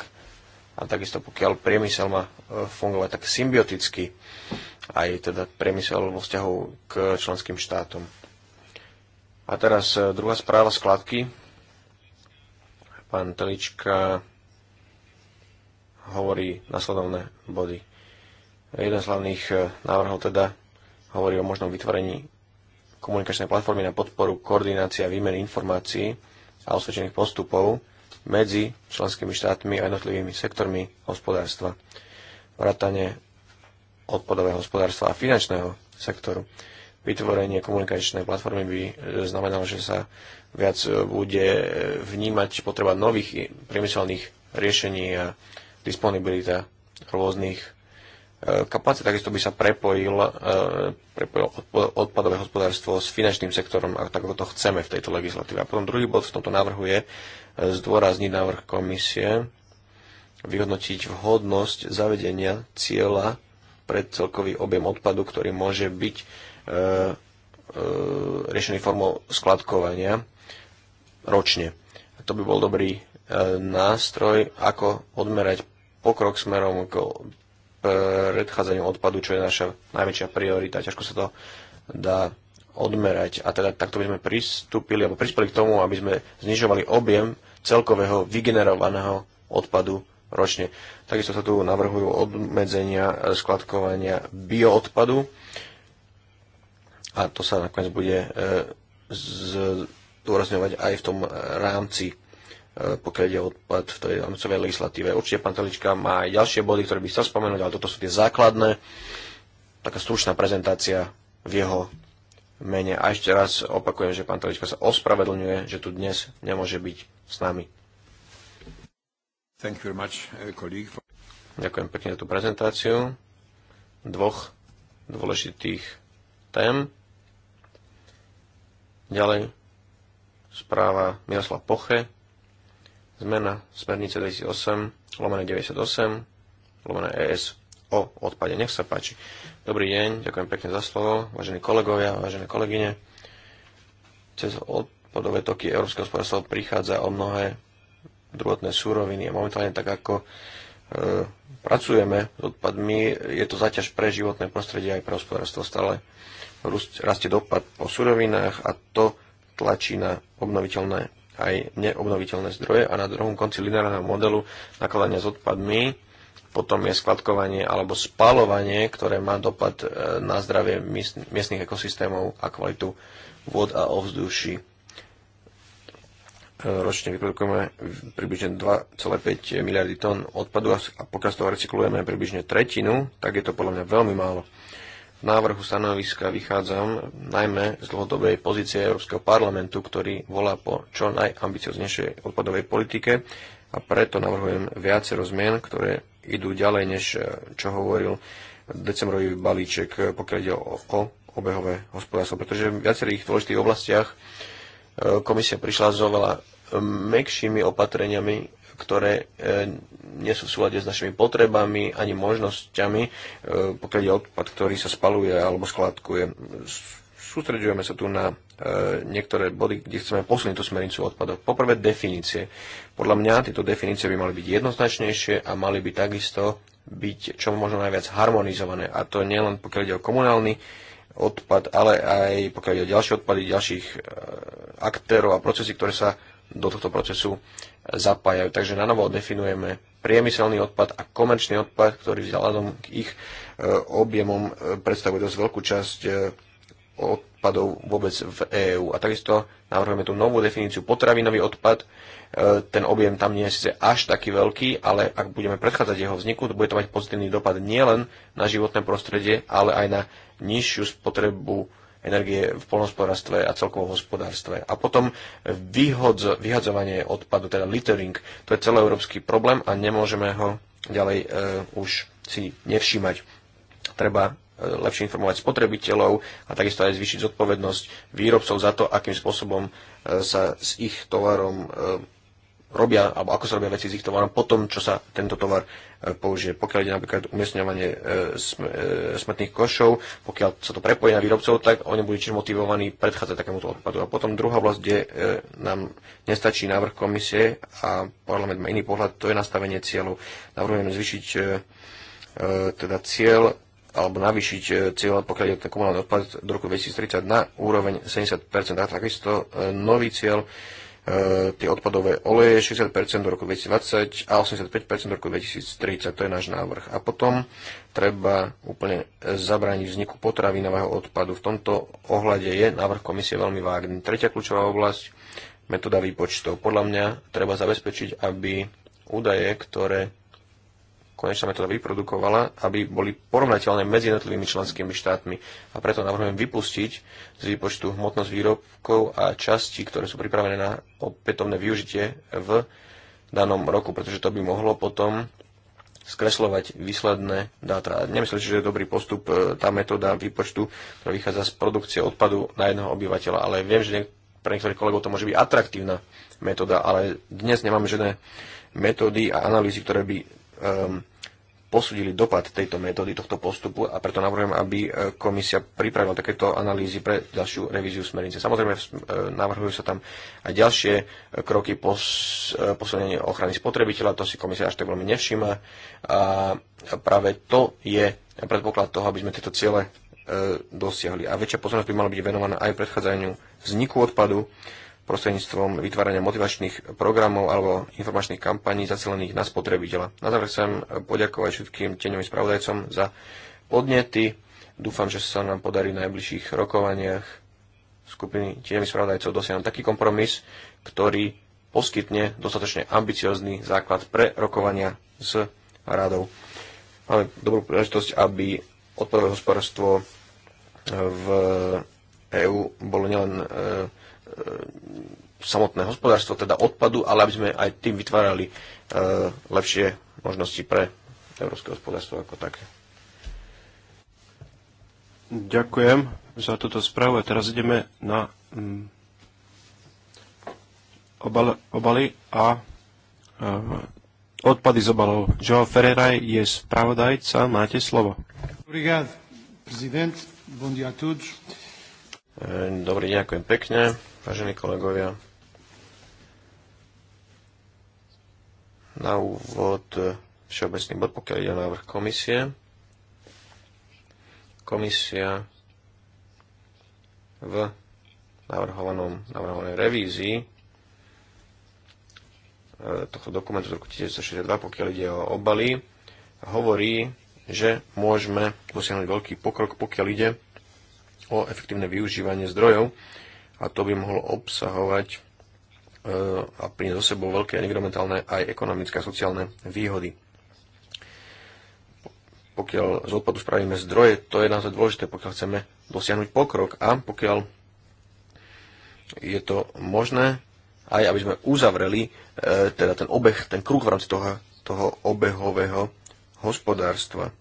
a takisto pokiaľ priemysel má e, fungovať tak symbioticky, aj teda priemysel vo vzťahu k členským štátom. A teraz e, druhá správa skladky. Pán Telička hovorí nasledovné body. Jeden z hlavných návrhov teda hovorí o možnom vytvorení komunikačné platformy na podporu koordinácia výmeny informácií a osvedčených postupov medzi členskými štátmi a jednotlivými sektormi hospodárstva, vrátane odpadového hospodárstva a finančného sektoru. Vytvorenie komunikačnej platformy by e, znamenalo, že sa viac e, bude e, vnímať potreba nových priemyselných riešení a disponibilita rôznych E, kapacita takisto by sa prepojil, e, prepojil odpadové hospodárstvo s finančným sektorom, tak ako to chceme v tejto legislatíve. A potom druhý bod v tomto návrhu je e, zdôrazniť návrh komisie, vyhodnotiť vhodnosť zavedenia cieľa pre celkový objem odpadu, ktorý môže byť riešený formou skladkovania ročne. To by bol dobrý nástroj, ako odmerať pokrok smerom k predchádzaniu odpadu, čo je naša najväčšia priorita. Ťažko sa to dá odmerať a teda takto by sme pristúpili alebo prispeli k tomu, aby sme znižovali objem celkového vygenerovaného odpadu ročne. Takisto sa tu navrhujú obmedzenia skladkovania bioodpadu a to sa nakoniec bude e, zdôrazňovať aj v tom rámci E, pokiaľ ide o odpad v tej rámcovej legislatíve. Určite pán Telička má aj ďalšie body, ktoré by chcel spomenúť, ale toto sú tie základné. Taká stručná prezentácia v jeho mene. A ešte raz opakujem, že pán Telička sa ospravedlňuje, že tu dnes nemôže byť s nami. Thank you very much, eh, colleague. Ďakujem pekne za tú prezentáciu dvoch dôležitých tém. Ďalej správa Miroslav Poche, zmena smernice 2008, lomené 98, lomené ES o odpade. Nech sa páči. Dobrý deň, ďakujem pekne za slovo, vážení kolegovia, vážené kolegyne. Cez odpadové toky Európskeho hospodárstva prichádza o mnohé druhotné súroviny a momentálne tak ako e, pracujeme s odpadmi, je to zaťaž pre životné prostredie aj pre hospodárstvo stále. Rastie dopad po surovinách a to tlačí na obnoviteľné aj neobnoviteľné zdroje a na druhom konci lineárneho modelu nakladania s odpadmi potom je skladkovanie alebo spalovanie, ktoré má dopad e, na zdravie miestnych ekosystémov a kvalitu vod a ovzduší. E, ročne vyprodukujeme približne 2,5 miliardy tón odpadu a pokiaľ z toho recyklujeme približne tretinu, tak je to podľa mňa veľmi málo návrhu stanoviska vychádzam najmä z dlhodobej pozície Európskeho parlamentu, ktorý volá po čo najambicioznejšej odpadovej politike a preto navrhujem viacero zmien, ktoré idú ďalej, než eh, čo hovoril decembrový balíček, eh, pokiaľ ide o, o obehové hospodárstvo, pretože v viacerých dôležitých oblastiach eh, komisia prišla s oveľa mekšími opatreniami ktoré e, nie sú v súlade s našimi potrebami ani možnosťami, e, pokiaľ je odpad, ktorý sa spaluje alebo skladkuje. Sústredujeme sa tu na e, niektoré body, kde chceme posunúť tú smernicu odpadov. Poprvé definície. Podľa mňa tieto definície by mali byť jednoznačnejšie a mali by takisto byť čo možno najviac harmonizované. A to nielen pokiaľ ide o komunálny odpad, ale aj pokiaľ ide o ďalšie odpady, ďalších aktérov a procesy, ktoré sa do tohto procesu zapájajú. Takže na novo definujeme priemyselný odpad a komerčný odpad, ktorý vzhľadom k ich e, objemom e, predstavuje dosť veľkú časť e, odpadov vôbec v EÚ. A takisto navrhujeme tú novú definíciu potravinový odpad. Ten objem tam nie je sice až taký veľký, ale ak budeme predchádzať jeho vzniku, to bude to mať pozitívny dopad nielen na životné prostredie, ale aj na nižšiu spotrebu energie v polnospodárstve a celkovo v hospodárstve. A potom vyhodz, vyhadzovanie odpadu, teda littering, to je celoeurópsky problém a nemôžeme ho ďalej e, už si nevšímať. Treba e, lepšie informovať spotrebiteľov a takisto aj zvýšiť zodpovednosť výrobcov za to, akým spôsobom e, sa s ich tovarom e, robia, alebo ako sa robia veci s ich tovarom po tom, čo sa tento tovar e, použije. Pokiaľ ide napríklad umiestňovanie e, sm e, smrtných košov, pokiaľ sa to prepojí na výrobcov, tak oni budú tiež motivovaní predchádzať takémuto odpadu. A potom druhá oblasť, kde nám nestačí návrh komisie a parlament má iný pohľad, to je nastavenie cieľov. Navrhujeme zvyšiť teda cieľ alebo navýšiť cieľ, pokiaľ je ten komunálny odpad do roku 2030 na úroveň 70%. A takisto nový cieľ Eh, tie odpadové oleje 60% do roku 2020 a 85% do roku 2030. To je náš návrh. A potom treba úplne zabrániť vzniku potravinového odpadu. V tomto ohľade je návrh komisie veľmi vágny. Tretia kľúčová oblasť, metóda výpočtov. Podľa mňa treba zabezpečiť, aby údaje, ktoré konečná metóda vyprodukovala, aby boli porovnateľné medzi jednotlivými členskými štátmi. A preto navrhujem vypustiť z výpočtu hmotnosť výrobkov a častí, ktoré sú pripravené na opätovné využitie v danom roku, pretože to by mohlo potom skreslovať výsledné dáta. Nemyslím si, že je dobrý postup e, tá metóda výpočtu, ktorá vychádza z produkcie odpadu na jedného obyvateľa, ale viem, že pre niektorých kolegov to môže byť atraktívna metóda, ale dnes nemáme žiadne metódy a analýzy, ktoré by um, posúdili dopad tejto metódy, tohto postupu a preto navrhujem, aby e, komisia pripravila takéto analýzy pre ďalšiu revíziu smernice. Samozrejme, e, navrhujú sa tam aj ďalšie e, kroky pos, posunenie ochrany spotrebiteľa, to si komisia až tak veľmi nevšíma a práve to je predpoklad toho, aby sme tieto ciele dosiahli. A väčšia pozornosť by mala byť venovaná aj predchádzaniu vzniku odpadu, prostredníctvom vytvárania motivačných programov alebo informačných kampaní zacelených na spotrebiteľa. Na záver chcem poďakovať všetkým tieňovým spravodajcom za podnety. Dúfam, že sa nám podarí v najbližších rokovaniach skupiny tieňových spravodajcov dosiahnuť taký kompromis, ktorý poskytne dostatočne ambiciozný základ pre rokovania s radou. Máme dobrú príležitosť, aby odpadové hospodárstvo v EÚ bolo nielen e, E, samotné hospodárstvo, teda odpadu, ale aby sme aj tým vytvárali e, lepšie možnosti pre európske hospodárstvo ako také. Ďakujem za túto správu a teraz ideme na mm, obal, obaly a e, odpady z obalov. Joao Ferreira je spravodajca, máte slovo. Dobrý deň, ďakujem pekne. Vážení kolegovia, na úvod e, všeobecný bod, pokiaľ ide o návrh komisie. Komisia v navrhovanom, navrhovanej revízii e, tohto dokumentu z roku 1962, pokiaľ ide o obaly, hovorí, že môžeme dosiahnuť veľký pokrok, pokiaľ ide o efektívne využívanie zdrojov a to by mohlo obsahovať e, a priniesť so sebou veľké environmentálne aj ekonomické a sociálne výhody. Pokiaľ z odpadu spravíme zdroje, to je naozaj dôležité, pokiaľ chceme dosiahnuť pokrok a pokiaľ je to možné, aj aby sme uzavreli e, teda ten obeh, ten kruh v rámci toho, toho obehového hospodárstva.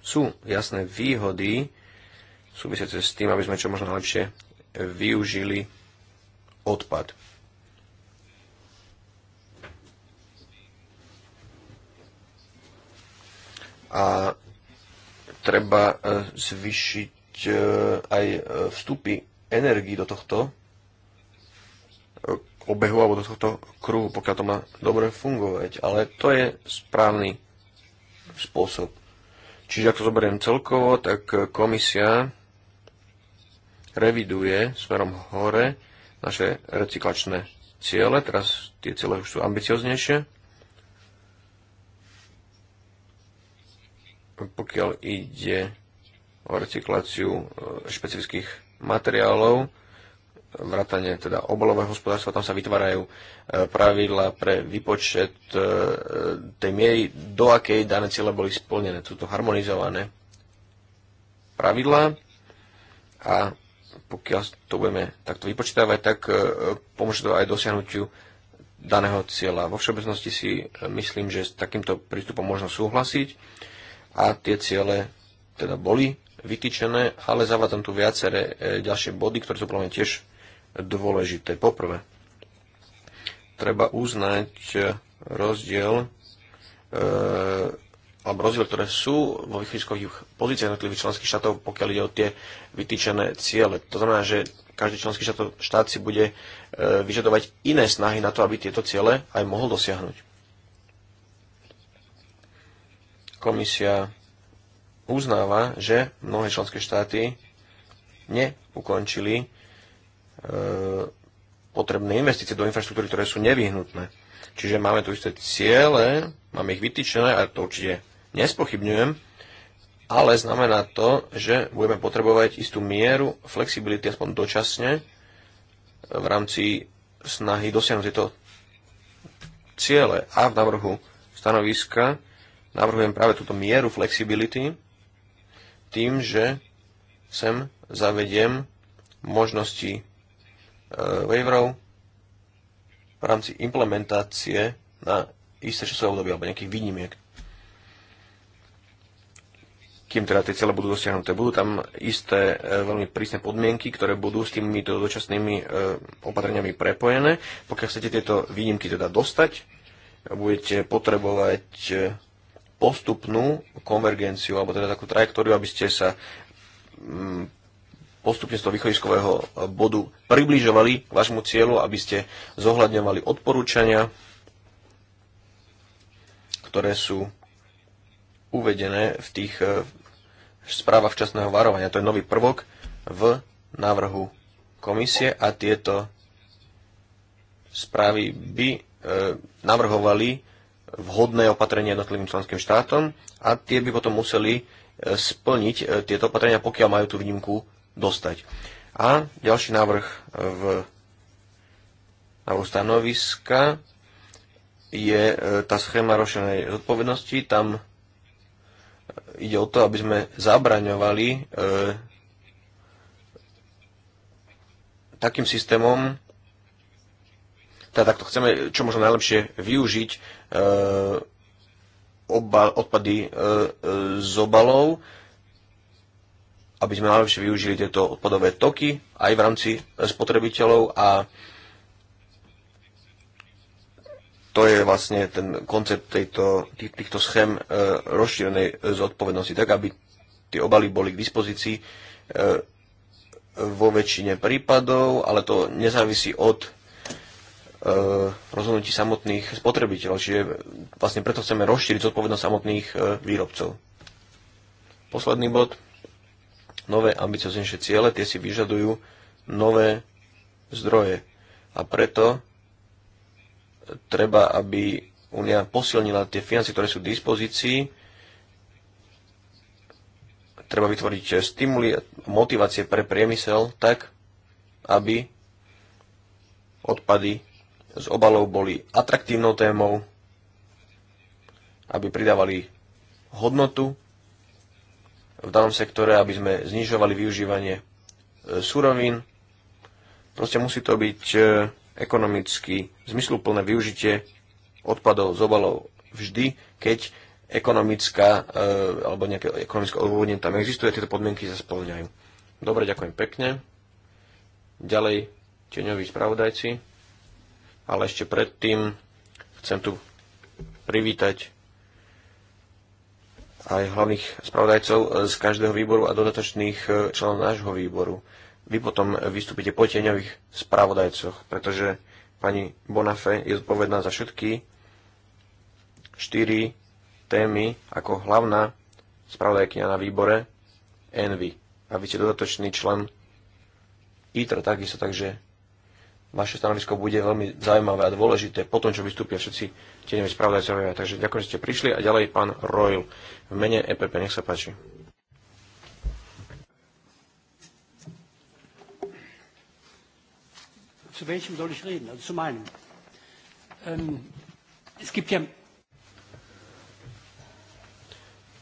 Sú jasné výhody súvisiace s tým, aby sme čo možno najlepšie využili odpad. A treba e, zvyšiť e, aj e, vstupy energii do tohto obehu alebo do tohto kruhu, pokiaľ to má dobre fungovať. Ale to je správny spôsob. Čiže ak to zoberiem celkovo, tak komisia reviduje smerom hore naše recyklačné ciele. Teraz tie ciele už sú ambicioznejšie. Pokiaľ ide o recykláciu e, špecifických materiálov, vrátane teda obalového hospodárstva, tam sa vytvárajú e, pravidla pre výpočet e, tej miery, do akej dané ciele boli splnené. Sú to harmonizované pravidlá a pokiaľ to budeme takto vypočítavať, tak e, pomôže to aj dosiahnutiu daného cieľa. Vo všeobecnosti si e, myslím, že s takýmto prístupom možno súhlasiť a tie ciele teda boli vytýčené, ale zavádzam tu viaceré e, ďalšie body, ktoré sú podľa mňa tiež dôležité. Poprvé, treba uznať rozdiel alebo rozdiel, ktoré sú vo východiskových pozíciách jednotlivých členských štátov, pokiaľ ide o tie vytýčené ciele. To znamená, že každý členský štát, štát si bude e, vyžadovať iné snahy na to, aby tieto ciele aj mohol dosiahnuť. Komisia uznáva, že mnohé členské štáty neukončili e, potrebné investície do infraštruktúry, ktoré sú nevyhnutné. Čiže máme tu isté ciele, máme ich vytýčené a to určite nespochybňujem, ale znamená to, že budeme potrebovať istú mieru flexibility, aspoň dočasne, v rámci snahy dosiahnuť tieto ciele. A v návrhu stanoviska navrhujem práve túto mieru flexibility tým, že sem zavediem možnosti e, waiverov v rámci implementácie na isté časové obdobie alebo nejakých výnimiek kým teda tie cieľe budú dosiahnuté. Budú tam isté e, veľmi prísne podmienky, ktoré budú s týmito dočasnými e, opatreniami prepojené. Pokiaľ chcete tieto výnimky teda dostať, budete potrebovať e, postupnú konvergenciu, alebo teda takú trajektóriu, aby ste sa m, mm, postupne z toho východiskového e, bodu približovali k vášmu cieľu, aby ste zohľadňovali odporúčania, ktoré sú uvedené v tých e, správa včasného varovania. To je nový prvok v návrhu komisie a tieto správy by e, navrhovali vhodné opatrenie jednotlivým členským štátom a tie by potom museli e, splniť e, tieto opatrenia, pokiaľ majú tú výnimku dostať. A ďalší návrh v návrhu stanoviska je e, tá schéma rošenej zodpovednosti. Tam ide o to, aby sme zabraňovali e, takým systémom, teda takto chceme čo možno najlepšie využiť e, obal, odpady e, e, z obalov, aby sme najlepšie využili tieto odpadové toky aj v rámci spotrebiteľov a e, to je vlastne ten koncept tejto, tých, týchto schém e, rozšírenej zodpovednosti, tak aby tie obaly boli k dispozícii e, vo väčšine prípadov, ale to nezávisí od e, rozhodnutí samotných spotrebiteľov, čiže vlastne preto chceme rozšíriť zodpovednosť samotných e, výrobcov. Posledný bod. Nové ambicioznejšie ciele, tie si vyžadujú nové zdroje. A preto treba, aby Únia posilnila tie financie, ktoré sú v dispozícii. Treba vytvoriť stimuly, motivácie pre priemysel tak, aby odpady z obalov boli atraktívnou témou, aby pridávali hodnotu v danom sektore, aby sme znižovali využívanie e, surovín. Proste musí to byť e, ekonomicky zmysluplné využitie odpadov z obalov vždy, keď ekonomická e, alebo nejaké ekonomické odôvodnenie tam existuje, tieto podmienky sa splňajú. Dobre, ďakujem pekne. Ďalej tieňoví spravodajci. Ale ešte predtým chcem tu privítať aj hlavných spravodajcov z každého výboru a dodatočných e, členov nášho výboru vy potom vystúpite po tieňových spravodajcoch, pretože pani Bonafé je zodpovedná za všetky štyri témy ako hlavná spravodajkňa na výbore Envy. A vy ste dodatočný člen ITR takisto, takže vaše stanovisko bude veľmi zaujímavé a dôležité po tom, čo vystúpia všetci tieňoví spravodajcovia. Takže ďakujem, že ste prišli a ďalej pán Royal v mene EPP. Nech sa páči. zu welchem soll ich reden? Also zu meinem. Ähm, es gibt ja...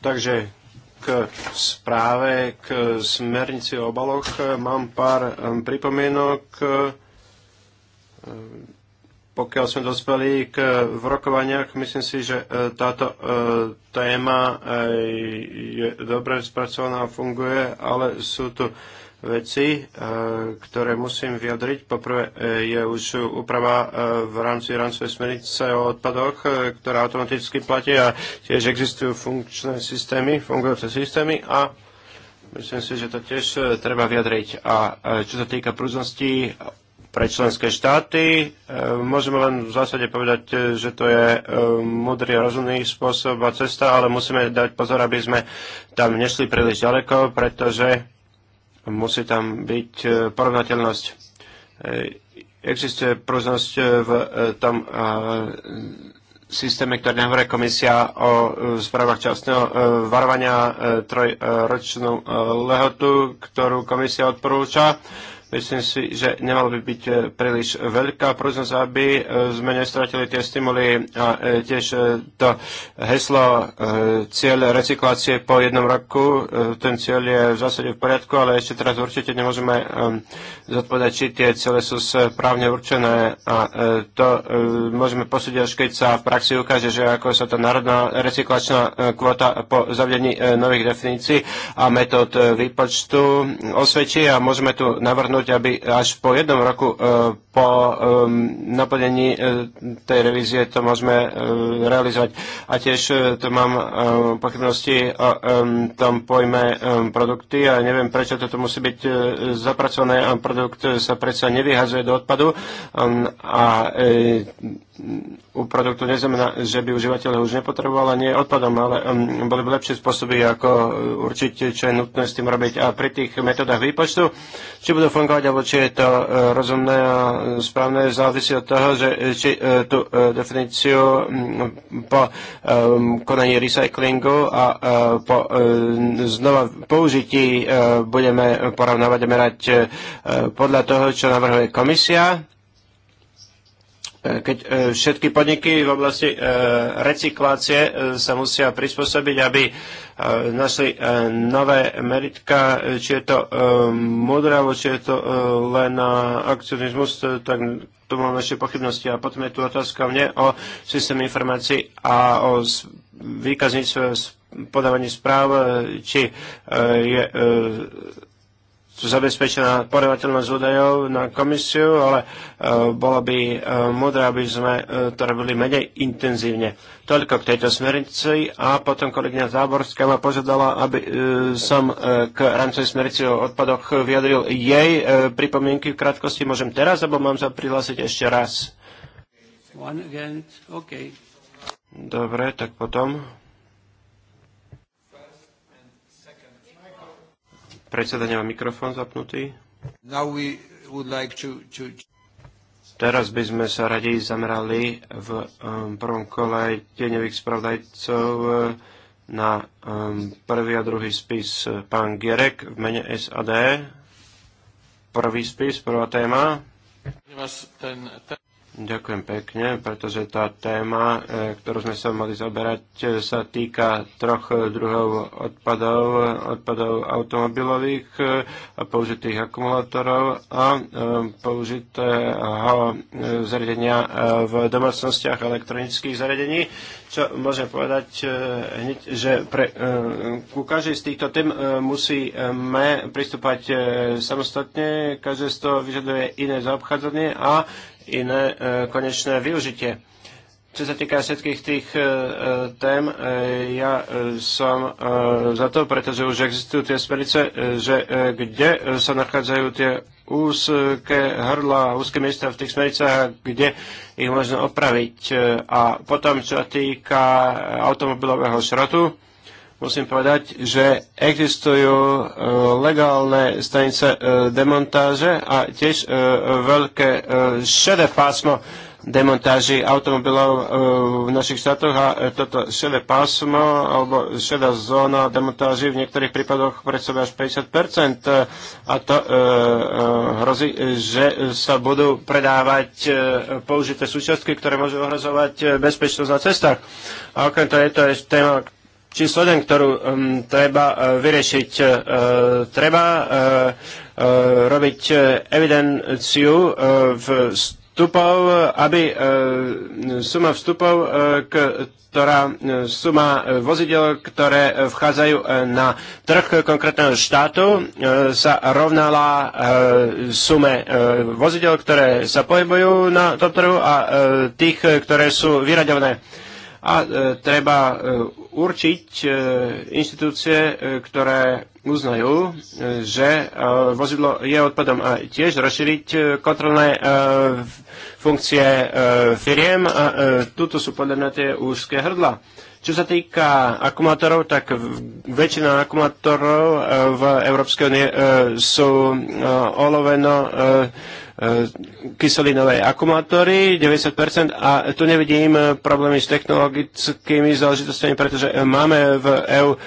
Takže k správe, k smernici o obaloch eh, mám pár eh, pripomienok. Eh, pokiaľ sme dospeli k v rokovaniach, myslím si, že táto téma je dobre spracovaná a funguje, ale sú tu veci, e, ktoré musím vyjadriť. Poprvé e, je už úprava e, v rámci rámcovej smernice o odpadoch, ktorá automaticky platí a tiež existujú funkčné systémy, fungujúce systémy a myslím si, že to tiež treba vyjadriť. A čo sa týka prúznosti pre členské štáty. Môžeme len v zásade povedať, že to je mudrý a rozumný spôsob a cesta, ale musíme dať pozor, aby sme tam nešli príliš ďaleko, pretože musí tam byť e, porovnateľnosť. E, existuje prúznosť e, v tom systéme, ktorý nehovorí komisia o správach časného varovania trojročnú lehotu, ktorú komisia odporúča Myslím si, že nemalo by byť e, príliš e, veľká prúznosť, aby e, sme nestratili tie stimuly a tiež to heslo cieľ recyklácie po jednom roku, ten cieľ je v zásade v poriadku, ale ešte teraz určite nemôžeme zodpovedať, či tie ciele sú správne určené a to môžeme posúdiť, až keď sa v praxi ukáže, že ako sa tá národná recyklačná kvota po zavedení nových definícií a metód výpočtu osvedčí a môžeme tu navrhnúť navrhnúť, aby až po jednom roku e, po naplnení e, tej revízie to môžeme e, realizovať. A tiež tu mám pochybnosti o tom pojme produkty a neviem, prečo toto musí byť zapracované a produkt sa predsa nevyhazuje do odpadu a u produktu neznamená, že by užívateľ už nepotreboval, nie odpadom, ale um, boli by lepšie spôsoby, ako uh, určite, čo je nutné s tým robiť. A pri tých metodách výpočtu, či budú fungovať, alebo či je to uh, rozumné a správne, závisí od toho, že, či uh, tú uh, definíciu um, po um, konaní recyklingu a uh, po uh, znova použití uh, budeme porovnávať a merať uh, podľa toho, čo navrhuje komisia keď e, všetky podniky v oblasti e, recyklácie e, sa musia prispôsobiť, aby našli nové meritka, či je to modré, alebo či je to len na akcionizmus, tak tu mám ešte pochybnosti. A potom je tu otázka mne o systém informácií a o výkazníctve podávaní správ, či je zabezpečená porovateľnosť údajov na komisiu, ale e, bolo by e, múdre, aby sme e, to robili menej intenzívne. Toľko k tejto smernici a potom kolegyňa Záborská ma požiadala, aby som k rámcovej smernici o odpadoch vyjadril jej pripomienky v krátkosti. Môžem teraz, alebo mám sa prihlásiť ešte raz? Dobre, tak potom. Predseda nemá mikrofón zapnutý. Like to, to... Teraz by sme sa radi zamerali v um, prvom kole tieňových spravdajcov uh, na um, prvý a druhý spis uh, pán Gierek v mene SAD. Prvý spis, prvá téma. Ten, ten... Ďakujem pekne, pretože tá téma, e, ktorú sme sa mali zaberať, e, sa týka troch druhov odpadov, odpadov automobilových e, a použitých akumulátorov a použitého zariadenia v domácnostiach elektronických zariadení. Čo môžem povedať hneď, že pre, ku každej z týchto tém musíme pristúpať samostatne, každé z toho vyžaduje iné zaobchádzanie a iné e, konečné využitie. Čo sa týka všetkých tých e, e, tém, ja som za to, pretože už existujú tie smerice, že kde sa nachádzajú tie úzke hrdla, úzke miesta v tých smericách, kde ich možno opraviť. A potom, čo týka automobilového šrotu, musím povedať, že existujú e, legálne stanice e, demontáže a tiež e, veľké šedé pásmo demontáži automobilov v našich štátoch a toto šedé pásmo alebo šedá zóna demontáži v niektorých prípadoch predstavuje až 50% a to e, hrozí, že sa budú predávať použité súčiastky, ktoré môžu ohrozovať bezpečnosť na cestách. A okrem toho je to ešte téma, číslo 1, ktorú um, treba uh, vyriešiť. Uh, treba uh, uh, robiť uh, evidenciu uh, v vstupov, aby uh, suma vstupov, uh, ktorá uh, suma uh, vozidel, ktoré vchádzajú na trh konkrétneho štátu, uh, sa rovnala uh, sume uh, vozidel, ktoré sa pohybujú na tom trhu a uh, tých, ktoré sú vyraďované. Uh, a e, treba e, určiť e, inštitúcie, e, ktoré uznajú, e, že e, vozidlo je odpadom a tiež rozšíriť e, kontrolné e, funkcie e, firiem. A, e, tuto sú podľa mňa tie úzke hrdla. Čo sa týka akumulátorov, tak väčšina akumulátorov e, v Európskej únie sú e, oloveno e, E, kyselinové akumulátory, 90%, a tu nevidím e, problémy s technologickými záležitostiami, pretože máme v EU e,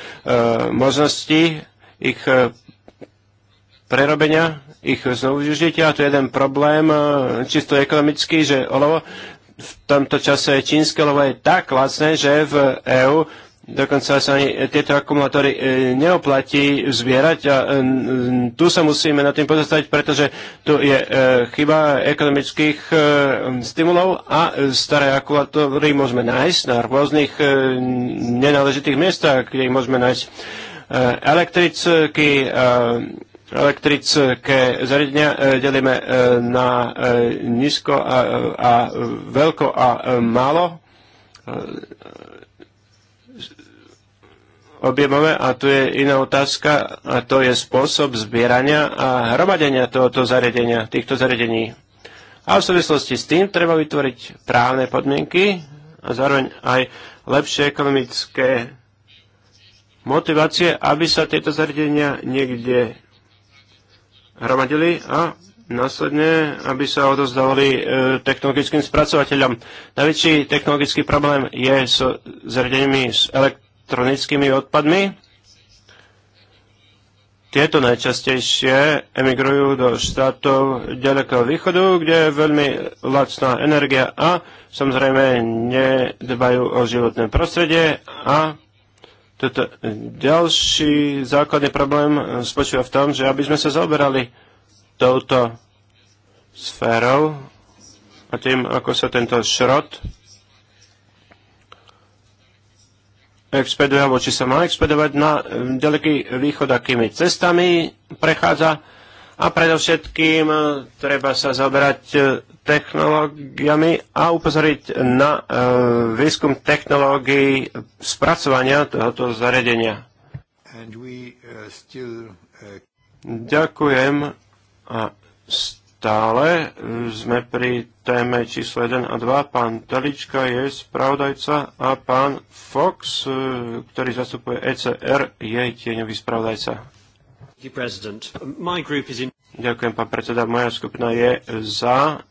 možnosti ich prerobenia, ich znovu využitia. Tu je jeden problém, čisto ekonomický, že olovo v tomto čase čínske olovo je tak lacné, že v EU. Dokonca sa ani tieto akumulátory e, neoplatí zbierať a e, tu sa musíme nad tým pozastaviť, pretože tu je e, chyba ekonomických stimulov a staré akumulátory môžeme nájsť na rôznych nenáležitých miestach, kde ich môžeme nájsť. elektrické zariadenia delíme na nízko a, a veľko a málo objemové a tu je iná otázka a to je spôsob zbierania a hromadenia tohoto zariadenia, týchto zariadení. A v súvislosti s tým treba vytvoriť právne podmienky a zároveň aj lepšie ekonomické motivácie, aby sa tieto zariadenia niekde hromadili a následne, aby sa odozdávali e, technologickým spracovateľom. Najväčší technologický problém je s zariadeniami s elektronickým elektronickými odpadmi. Tieto najčastejšie emigrujú do štátov ďalekého východu, kde je veľmi lacná energia a samozrejme nedbajú o životné prostredie a toto ďalší základný problém spočíva v tom, že aby sme sa zaoberali touto sférou a tým, ako sa tento šrot expeduje, alebo či sa má expedovať na ďaleký východ, akými cestami prechádza. A predovšetkým e, treba sa zaoberať e, technológiami a upozoriť na e, výskum technológií spracovania tohoto zariadenia. Still... Ďakujem. A stále sme pri téme číslo 1 a 2. Pán Telička je spravodajca a pán Fox, e, ktorý zastupuje ECR, je tieňový spravodajca. Ďakujem, pán predseda. Moja skupina je za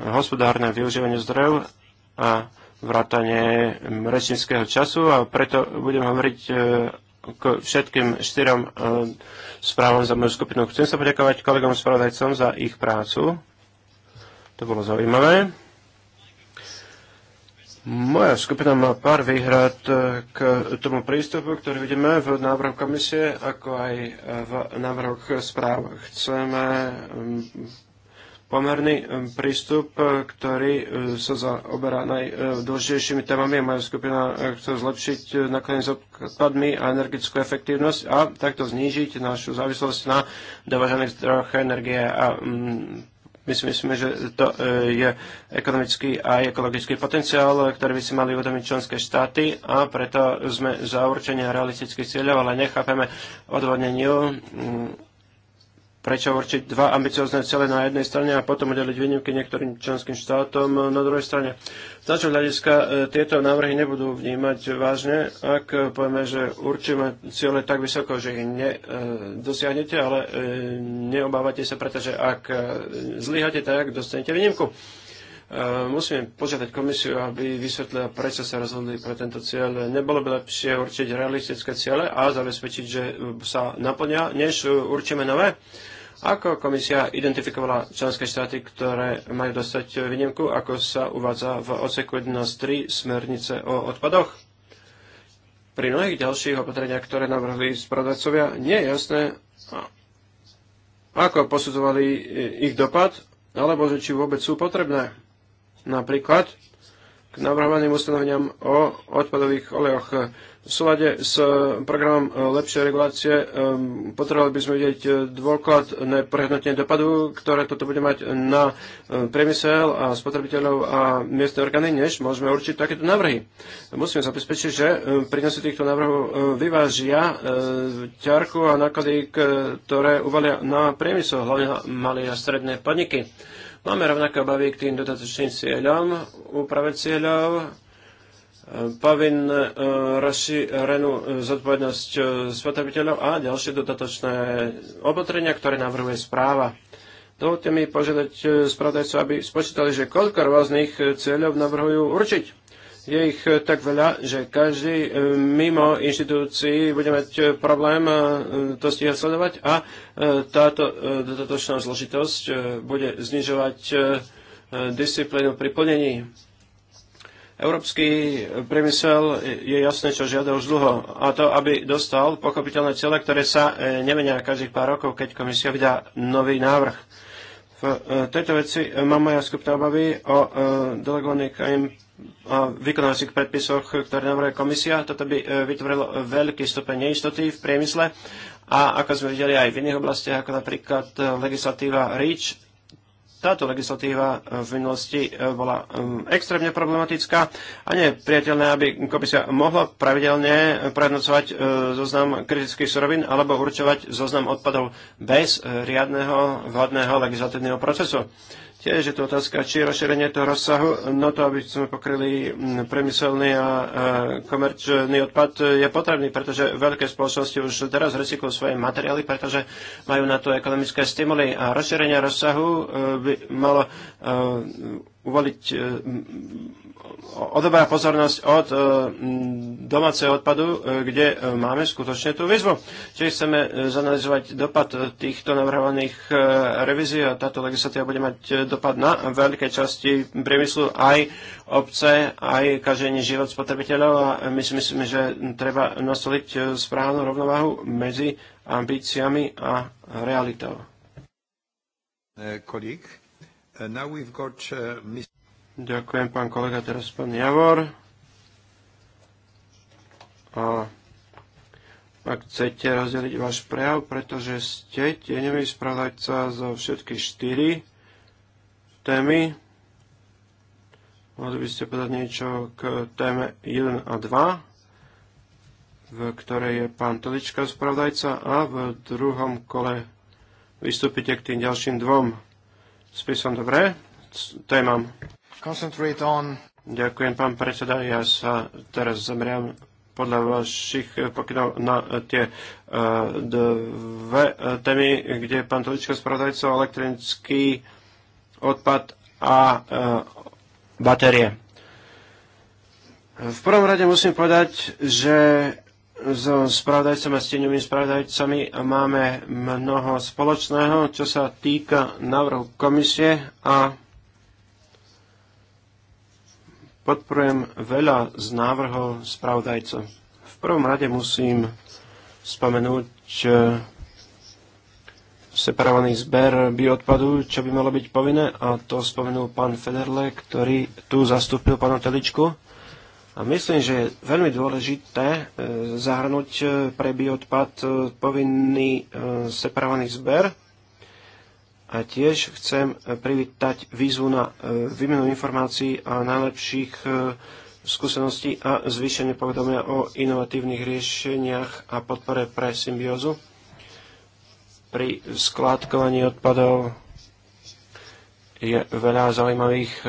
hospodárne využívanie zdrojov a vrátanie mrečinského času a preto budem hovoriť e, k všetkým štyrom e, správam za moju skupinu. Chcem sa poďakovať kolegom spravodajcom za ich prácu to bolo zaujímavé. Moja skupina má pár výhrad k tomu prístupu, ktorý vidíme v návrhu komisie, ako aj v návrhoch správ. Chceme mm, pomerný mm, prístup, ktorý mm, sa zaoberá najdôležitejšími témami. Moja skupina chce zlepšiť nakladanie s odpadmi a energetickú efektívnosť a takto znížiť našu závislosť na dovážených zdrojoch energie a my si myslíme, že to e, je ekonomický a ekologický potenciál, ktorý by si mali uvedomiť členské štáty a preto sme za určenie realistických cieľov, ale nechápeme odvodneniu prečo určiť dva ambiciozne cele na jednej strane a potom udeliť výnimky niektorým členským štátom na druhej strane. Z našho hľadiska e, tieto návrhy nebudú vnímať vážne, ak povieme, že určíme ciele tak vysoko, že ich nedosiahnete, e, ale e, neobávate sa, pretože ak zlyhate, tak dostanete výnimku. Musíme požiadať komisiu, aby vysvetlila, prečo sa rozhodli pre tento cieľ. Nebolo by lepšie určiť realistické ciele a zabezpečiť, že sa naplňa, než určíme nové? Ako komisia identifikovala členské štáty, ktoré majú dostať výnimku, ako sa uvádza v oceku 11.3 smernice o odpadoch? Pri mnohých ďalších opatreniach, ktoré navrhli spravodajcovia, nie je jasné, ako posudzovali ich dopad, alebo že či vôbec sú potrebné. Napríklad, navrhovaným ustanoveniam o odpadových olejoch. V súlade s programom lepšej regulácie potrebovali by sme vidieť dôkladné prehnotenie dopadu, ktoré toto bude mať na priemysel a spotrebiteľov a miestne orgány, než môžeme určiť takéto návrhy. Musíme zabezpečiť, že prínosy týchto návrhov vyvážia ťarku a náklady, ktoré uvalia na priemysel, hlavne na malé a stredné podniky. Máme rovnaké obavy k tým dodatočným cieľom, úprave cieľov, e, povinn e, rozšírenú e, zodpovednosť spotrebiteľov a ďalšie dodatočné opatrenia, ktoré navrhuje správa. Dovolte mi požiadať spravodajcu, aby spočítali, že koľko rôznych cieľov navrhujú určiť je ich eh, tak veľa, že každý eh, mimo inštitúcií bude mať eh, problém to stíhať sledovať a táto dodatočná zložitosť bude znižovať disciplínu pri plnení. Európsky priemysel je jasné, čo žiada už dlho. A to, aby dostal pochopiteľné ciele, ktoré sa nemenia každých pár rokov, keď komisia vydá nový návrh. V tejto veci mám moja skupná obavy o delegovaných o vykonávacích predpisoch, ktoré navrhuje komisia. Toto by e, vytvorilo veľký stupeň neistoty v priemysle a ako sme videli aj v iných oblastiach, ako napríklad e, legislatíva REACH, táto legislatíva e, v minulosti bola extrémne problematická a nie je priateľné, aby komisia mohla pravidelne prehodnocovať zoznam kritických surovín alebo určovať zoznam odpadov bez riadneho vhodného legislatívneho procesu. Tiež je to otázka, či rozšírenie toho rozsahu na no to, aby sme pokryli mm, priemyselný a e, komerčný odpad je potrebný, pretože veľké spoločnosti už teraz recyklujú svoje materiály, pretože majú na to ekonomické stimuly a rozšírenie rozsahu e, by malo e, uvoliť odobrá pozornosť od e, domáceho odpadu, e, kde e, máme skutočne tú výzvu. Čiže chceme zanalizovať dopad týchto navrhovaných revízií a táto legislatíva bude mať dopad na veľké časti priemyslu aj obce, aj každý život spotrebiteľov a my si myslíme, že treba nastoliť správnu rovnováhu medzi ambíciami a realitou. Kolík. Now we've got, uh, Ďakujem, pán kolega, teraz pán Javor. A ak chcete rozdeliť váš prejav, pretože ste tieňový spravodajca za všetky štyri témy, mohli by ste povedať niečo k téme 1 a 2, v ktorej je pán Telička spravodajca a v druhom kole vystúpite k tým ďalším dvom spisom. Dobre, témam concentrate on... Ďakujem, pán predseda. Ja sa teraz zameriam podľa vašich pokynov na tie e, dve e, témy, kde pán Toličko spravodajco elektronický odpad a e, batérie. V prvom rade musím povedať, že s spravodajcami a stieňovými spravodajcami máme mnoho spoločného, čo sa týka návrhu komisie a Podporujem veľa z návrhov spravodajca. V prvom rade musím spomenúť separovaný zber bioodpadu, čo by malo byť povinné, a to spomenul pán Federle, ktorý tu zastúpil pánu Teličku. A myslím, že je veľmi dôležité e, zahrnúť e, pre bioodpad e, povinný separovaný zber, a tiež chcem eh, privítať výzvu na eh, výmenu informácií a najlepších eh, skúseností a zvýšenie povedomia o inovatívnych riešeniach a podpore pre symbiózu pri skládkovaní odpadov je veľa zaujímavých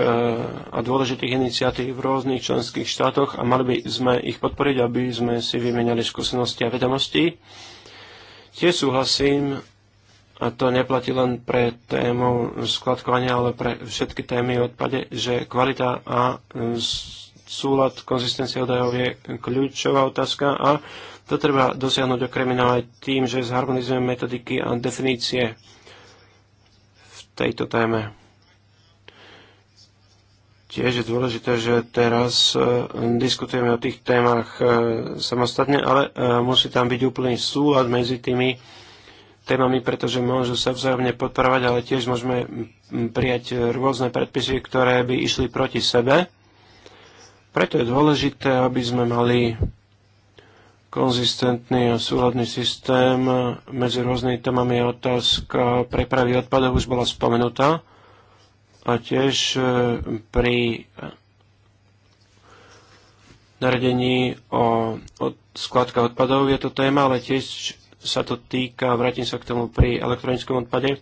a dôležitých iniciatív v rôznych členských štátoch a mali by sme ich podporiť, aby sme si vymenali skúsenosti a vedomosti. Tiež súhlasím a to neplatí len pre tému skladkovania, ale pre všetky témy odpade, že kvalita a e, súlad, konzistencia údajov je kľúčová otázka a to treba dosiahnuť okrem iného aj tým, že zharmonizujeme metodiky a definície v tejto téme. Tiež je dôležité, že teraz e, diskutujeme o tých témach e, samostatne, ale musí tam byť úplný súlad medzi tými témami, pretože môžu sa vzájomne podporovať, ale tiež môžeme prijať rôzne predpisy, ktoré by išli proti sebe. Preto je dôležité, aby sme mali konzistentný a súhľadný systém medzi rôznymi témami je otázka prepravy odpadov už bola spomenutá a tiež e, pri naredení o od, skladkách odpadov je to téma, ale tiež sa to týka, vrátim sa k tomu pri elektronickom odpade,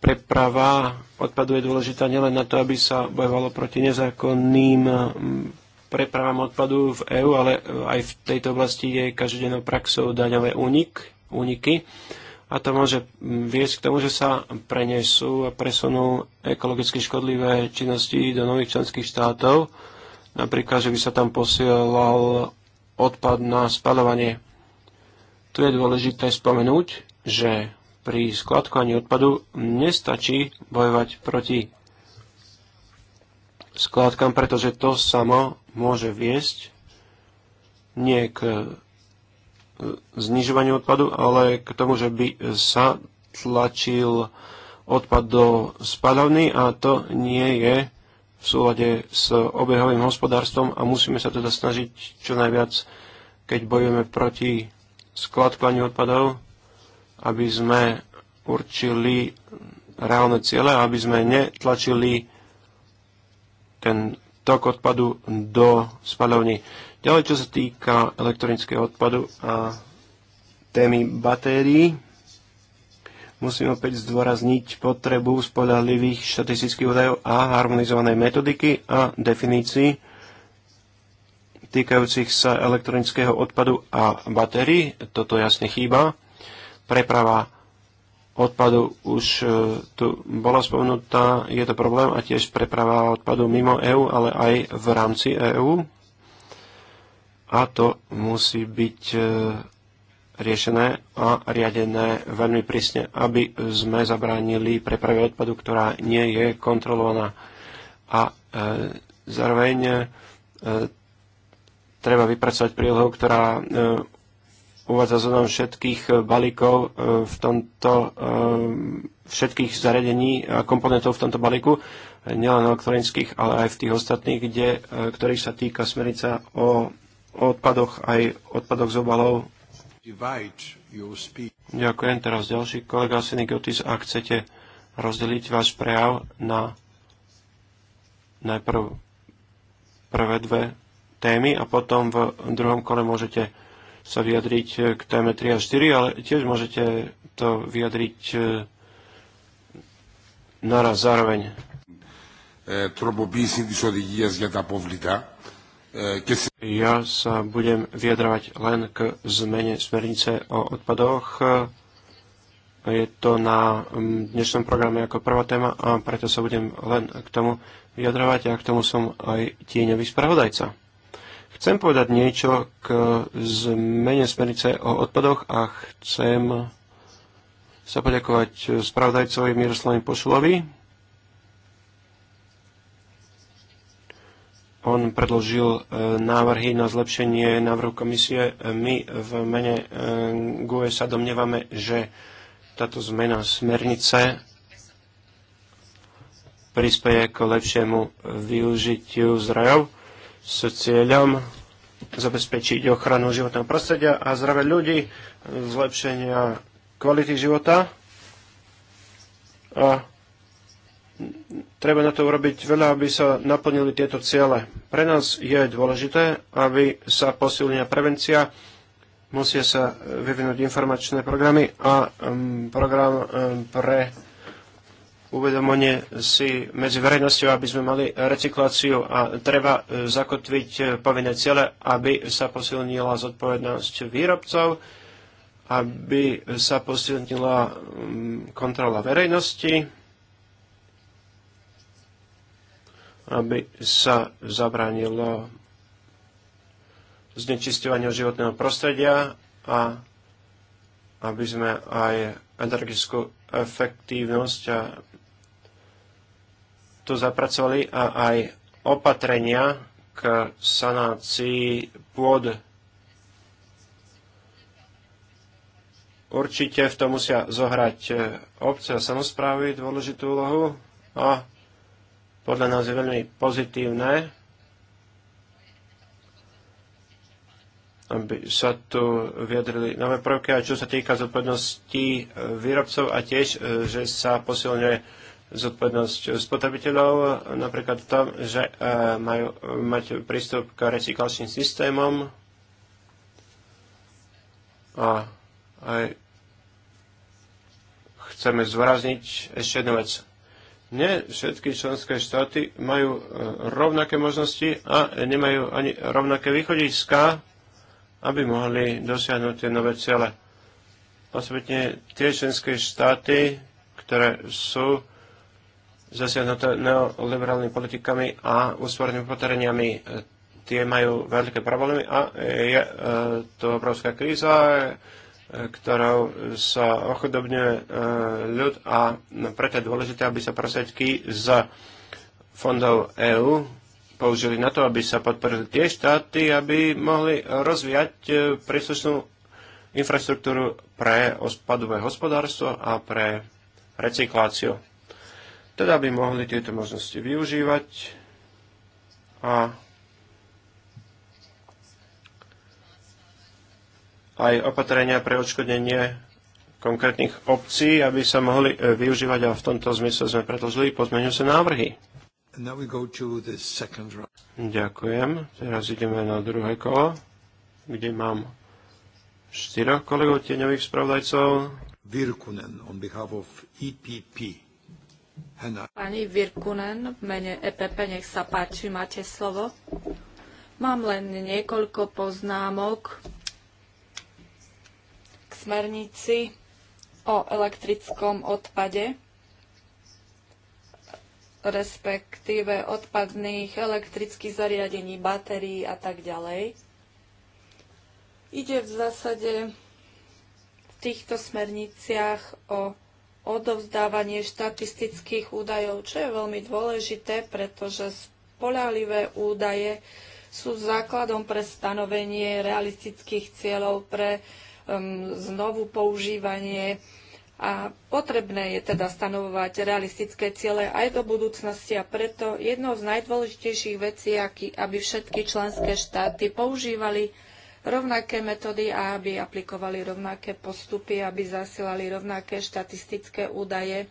preprava odpadu je dôležitá nielen na to, aby sa bojovalo proti nezákonným mm, prepravám odpadu v EÚ, ale aj v tejto oblasti je každodennou praxou daňové únik, úniky. A to môže mm, viesť k tomu, že sa prenesú a presunú ekologicky škodlivé činnosti do nových členských štátov. Napríklad, že by sa tam posielal odpad na spadovanie. Tu je dôležité spomenúť, že pri skladkovaní odpadu nestačí bojovať proti skladkám, pretože to samo môže viesť nie k e, znižovaniu odpadu, ale k tomu, že by sa tlačil odpad do spadovny a to nie je v súlade s obehovým hospodárstvom a musíme sa teda snažiť čo najviac, keď bojujeme proti skládkovaniu odpadov, aby sme určili reálne ciele, aby sme netlačili ten tok odpadu do spadovní. Ďalej, čo sa týka elektronického odpadu a témy batérií, musím opäť zdôrazniť potrebu spodahlivých štatistických údajov a harmonizovanej metodiky a definícií týkajúcich sa elektronického odpadu a batérií. Toto jasne chýba. Preprava odpadu už e, tu bola spomenutá, je to problém a tiež preprava odpadu mimo EÚ, ale aj v rámci EÚ. A to musí byť e, riešené a riadené veľmi prísne, aby sme zabránili preprave odpadu, ktorá nie je kontrolovaná. A e, zároveň e, treba vypracovať prílohu, ktorá e, uvádza zoznam všetkých e, balíkov e, v tomto, všetkých zariadení a komponentov v tomto balíku, nielen elektronických, ale aj v tých ostatných, kde, ktorých sa týka smerica o, odpadoch, aj odpadoch z obalov. Ďakujem. Teraz ďalší kolega Sinikotis, ak chcete rozdeliť váš prejav na najprv prvé dve témy a potom v druhom kole môžete sa vyjadriť k téme 3 a 4, ale tiež môžete to vyjadriť e, naraz zároveň. E, ja sa budem vyjadrovať len k zmene smernice o odpadoch. E, je to na dnešnom programe ako prvá téma a preto sa budem len k tomu vyjadrovať a k tomu som aj tieňový spravodajca. Chcem povedať niečo k zmene smernice o odpadoch a chcem sa poďakovať spravodajcovi Miroslavovi Pošulovi. On predložil e, návrhy na zlepšenie návrhu komisie. My v mene e, GUE sa domnievame, že táto zmena smernice prispieje k lepšiemu využitiu zdrojov s cieľom zabezpečiť ochranu životného prostredia a zdravia ľudí, zlepšenia kvality života. A treba na to urobiť veľa, aby sa naplnili tieto ciele. Pre nás je dôležité, aby sa posilnila prevencia, musia sa vyvinúť informačné programy a mm, program mm, pre uvedomenie si medzi verejnosťou, aby sme mali recykláciu a treba e, zakotviť e, povinné ciele, aby sa posilnila zodpovednosť výrobcov, aby sa posilnila mm, kontrola verejnosti, aby sa zabránilo znečisťovaniu životného prostredia a aby sme aj energetickú efektívnosť a tu zapracovali a aj opatrenia k sanácii pôd. Určite v tom musia zohrať e, obce a samozprávy dôležitú úlohu a podľa nás je veľmi pozitívne, aby sa tu vyjadrili nové prvky a čo sa týka zodpovednosti e, výrobcov a tiež, e, že sa posilňuje zodpovednosť spotrebiteľov, napríklad v tom, že e, majú mať prístup k recyklačným systémom a aj chceme zdôrazniť ešte jednu vec. Nie všetky členské štáty majú e, rovnaké možnosti a nemajú ani rovnaké východiska, aby mohli dosiahnuť tie nové ciele. Osobitne tie členské štáty, ktoré sú zasiahnuté neoliberálnymi politikami a úspornými potereniami. E, tie majú veľké problémy a je e, to obrovská kríza, e, ktorou sa ochudobňuje ľud a preto je dôležité, aby sa prostriedky z fondov EÚ použili na to, aby sa podporili tie štáty, aby mohli rozvíjať príslušnú infraštruktúru pre odpadové hospodárstvo a pre recykláciu teda by mohli tieto možnosti využívať a aj opatrenia pre odškodnenie konkrétnych obcí, aby sa mohli e, využívať a v tomto zmysle sme predložili pozmeňujúce návrhy. Ďakujem. Teraz ideme na druhé kolo, kde mám štyroch kolegov tieňových spravodajcov. Virkunen on behalf of EPP. Pani Virkunen, v mene EPP, nech sa páči, máte slovo. Mám len niekoľko poznámok k smernici o elektrickom odpade, respektíve odpadných elektrických zariadení, batérií a tak ďalej. Ide v zásade v týchto smerniciach o odovzdávanie štatistických údajov, čo je veľmi dôležité, pretože spolahlivé údaje sú základom pre stanovenie realistických cieľov pre um, znovu používanie a potrebné je teda stanovovať realistické ciele aj do budúcnosti a preto jednou z najdôležitejších vecí, aby všetky členské štáty používali rovnaké metódy a aby aplikovali rovnaké postupy, aby zasilali rovnaké štatistické údaje.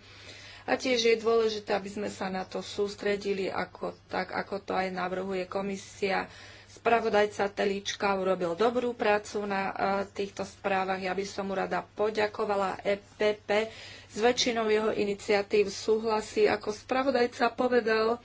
A tiež je dôležité, aby sme sa na to sústredili, ako, tak ako to aj navrhuje komisia. Spravodajca Telička urobil dobrú prácu na e, týchto správach. Ja by som mu rada poďakovala EPP. S väčšinou jeho iniciatív súhlasí. Ako spravodajca povedal,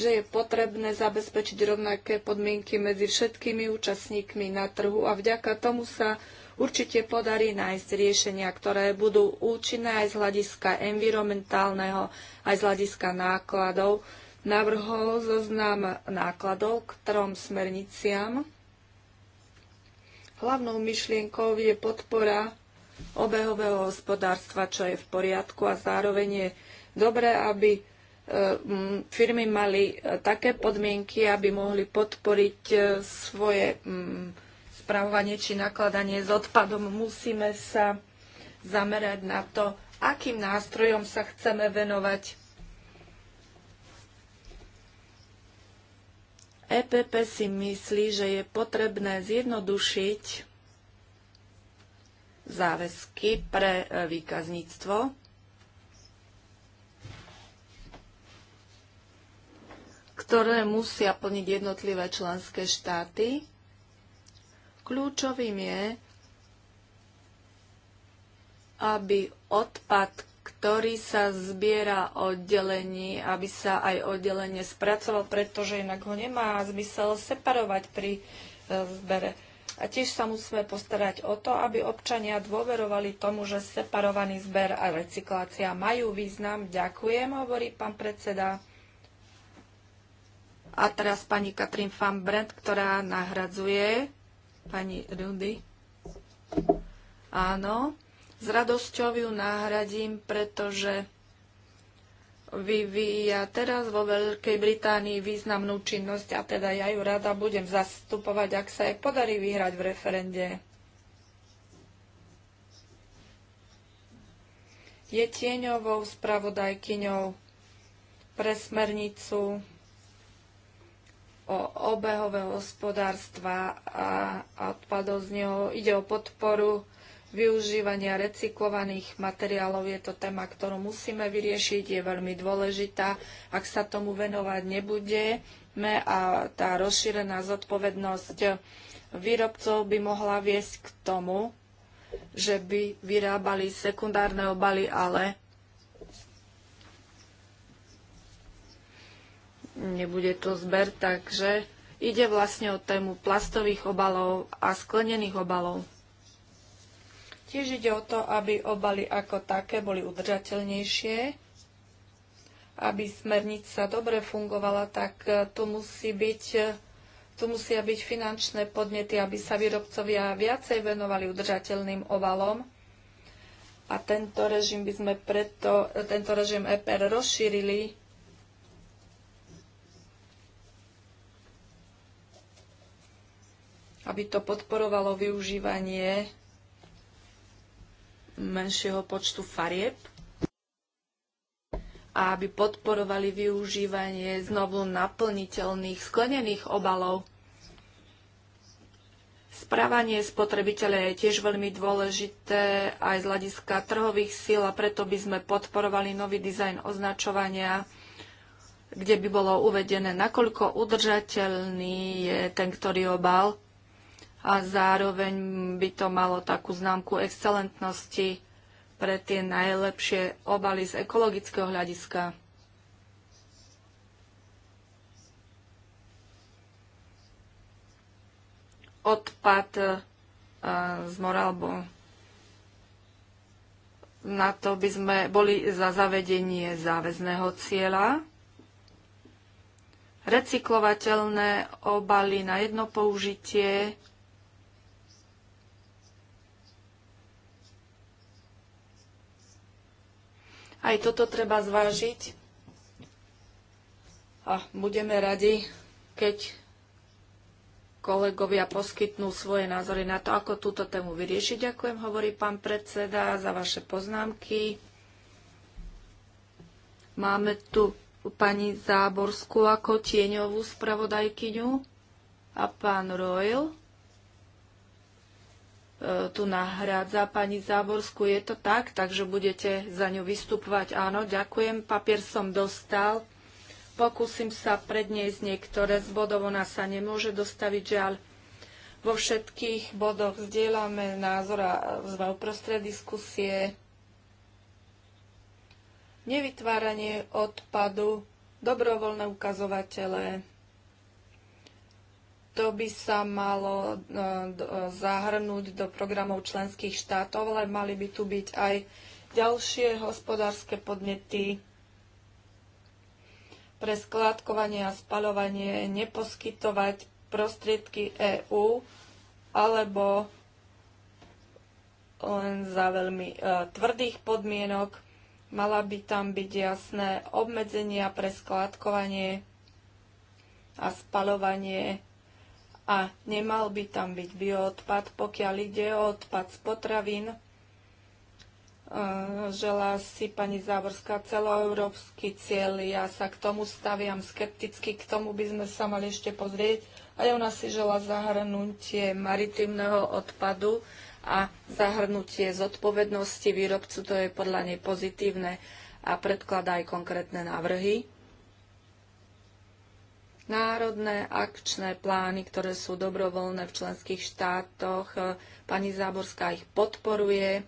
že je potrebné zabezpečiť rovnaké podmienky medzi všetkými účastníkmi na trhu a vďaka tomu sa určite podarí nájsť riešenia, ktoré budú účinné aj z hľadiska environmentálneho, aj z hľadiska nákladov. Navrhol zoznam nákladov k trom smerniciam. Hlavnou myšlienkou je podpora obehového hospodárstva, čo je v poriadku a zároveň je dobré, aby E, firmy mali e, také podmienky, aby mohli podporiť e, svoje mm, spravovanie či nakladanie s odpadom. Musíme sa zamerať na to, akým nástrojom sa chceme venovať. EPP si myslí, že je potrebné zjednodušiť záväzky pre výkazníctvo ktoré musia plniť jednotlivé členské štáty. Kľúčovým je, aby odpad, ktorý sa zbiera oddelení, aby sa aj oddelenie spracoval, pretože inak ho nemá zmysel separovať pri e, zbere. A tiež sa musíme postarať o to, aby občania dôverovali tomu, že separovaný zber a recyklácia majú význam. Ďakujem, hovorí pán predseda. A teraz pani Katrin van Brent, ktorá nahradzuje pani Rudy. Áno, s radosťou ju nahradím, pretože vyvíja teraz vo Veľkej Británii významnú činnosť a teda ja ju rada budem zastupovať, ak sa jej podarí vyhrať v referende. Je tieňovou spravodajkyňou pre smernicu obehového hospodárstva a, a odpadov z neho. Ide o podporu využívania recyklovaných materiálov. Je to téma, ktorú musíme vyriešiť, je veľmi dôležitá. Ak sa tomu venovať nebudeme a tá rozšírená zodpovednosť výrobcov by mohla viesť k tomu, že by vyrábali sekundárne obaly, ale nebude to zber, takže ide vlastne o tému plastových obalov a sklenených obalov. Tiež ide o to, aby obaly ako také boli udržateľnejšie. Aby smernica dobre fungovala, tak e, tu, musí byť, e, tu musia byť finančné podnety, aby sa výrobcovia viacej venovali udržateľným obalom a tento režim by sme preto, e, tento režim EPR rozšírili aby to podporovalo využívanie menšieho počtu farieb a aby podporovali využívanie znovu naplniteľných sklenených obalov. Správanie spotrebiteľa je tiež veľmi dôležité aj z hľadiska trhových síl a preto by sme podporovali nový dizajn označovania, kde by bolo uvedené, nakoľko udržateľný je ten, ktorý obal a zároveň by to malo takú známku excelentnosti pre tie najlepšie obaly z ekologického hľadiska. Odpad e, z Moralbo. Na to by sme boli za zavedenie záväzného cieľa. Recyklovateľné obaly na jedno použitie Aj toto treba zvážiť. A budeme radi, keď kolegovia poskytnú svoje názory na to, ako túto tému vyriešiť. Ďakujem, hovorí pán predseda, za vaše poznámky. Máme tu pani Záborskú ako tieňovú spravodajkyňu a pán Royal tu nahrádza pani Záborskú. Je to tak? Takže budete za ňu vystupovať. Áno, ďakujem. Papier som dostal. Pokúsim sa predniesť niektoré z bodov. Ona sa nemôže dostaviť, žiaľ. Vo všetkých bodoch vzdielame názor a sme uprostred diskusie. Nevytváranie odpadu, dobrovoľné ukazovatele, to by sa malo e, zahrnúť do programov členských štátov, ale mali by tu byť aj ďalšie hospodárske podnety pre skládkovanie a spaľovanie neposkytovať prostriedky EÚ alebo len za veľmi e, tvrdých podmienok. Mala by tam byť jasné obmedzenia pre skládkovanie a spaľovanie a nemal by tam byť bioodpad, pokiaľ ide o odpad z potravín. E, želá si pani Závorská celoeurópsky cieľ. Ja sa k tomu staviam skepticky, k tomu by sme sa mali ešte pozrieť. A ona si žela zahrnutie maritimného odpadu a zahrnutie zodpovednosti výrobcu, to je podľa nej pozitívne a predkladá aj konkrétne návrhy národné akčné plány, ktoré sú dobrovoľné v členských štátoch. E, pani Záborská ich podporuje.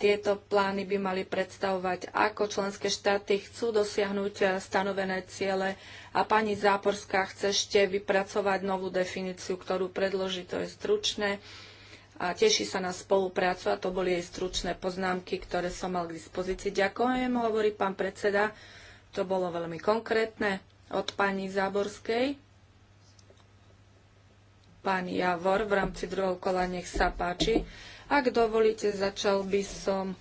Tieto plány by mali predstavovať, ako členské štáty chcú dosiahnuť e, stanovené ciele a pani Záporská chce ešte vypracovať novú definíciu, ktorú predloží, to je stručné a teší sa na spoluprácu a to boli jej stručné poznámky, ktoré som mal k dispozícii. Ďakujem, hovorí pán predseda, to bolo veľmi konkrétne od pani Záborskej. Pán Javor v rámci druhého kola, nech sa páči. Ak dovolíte, začal by som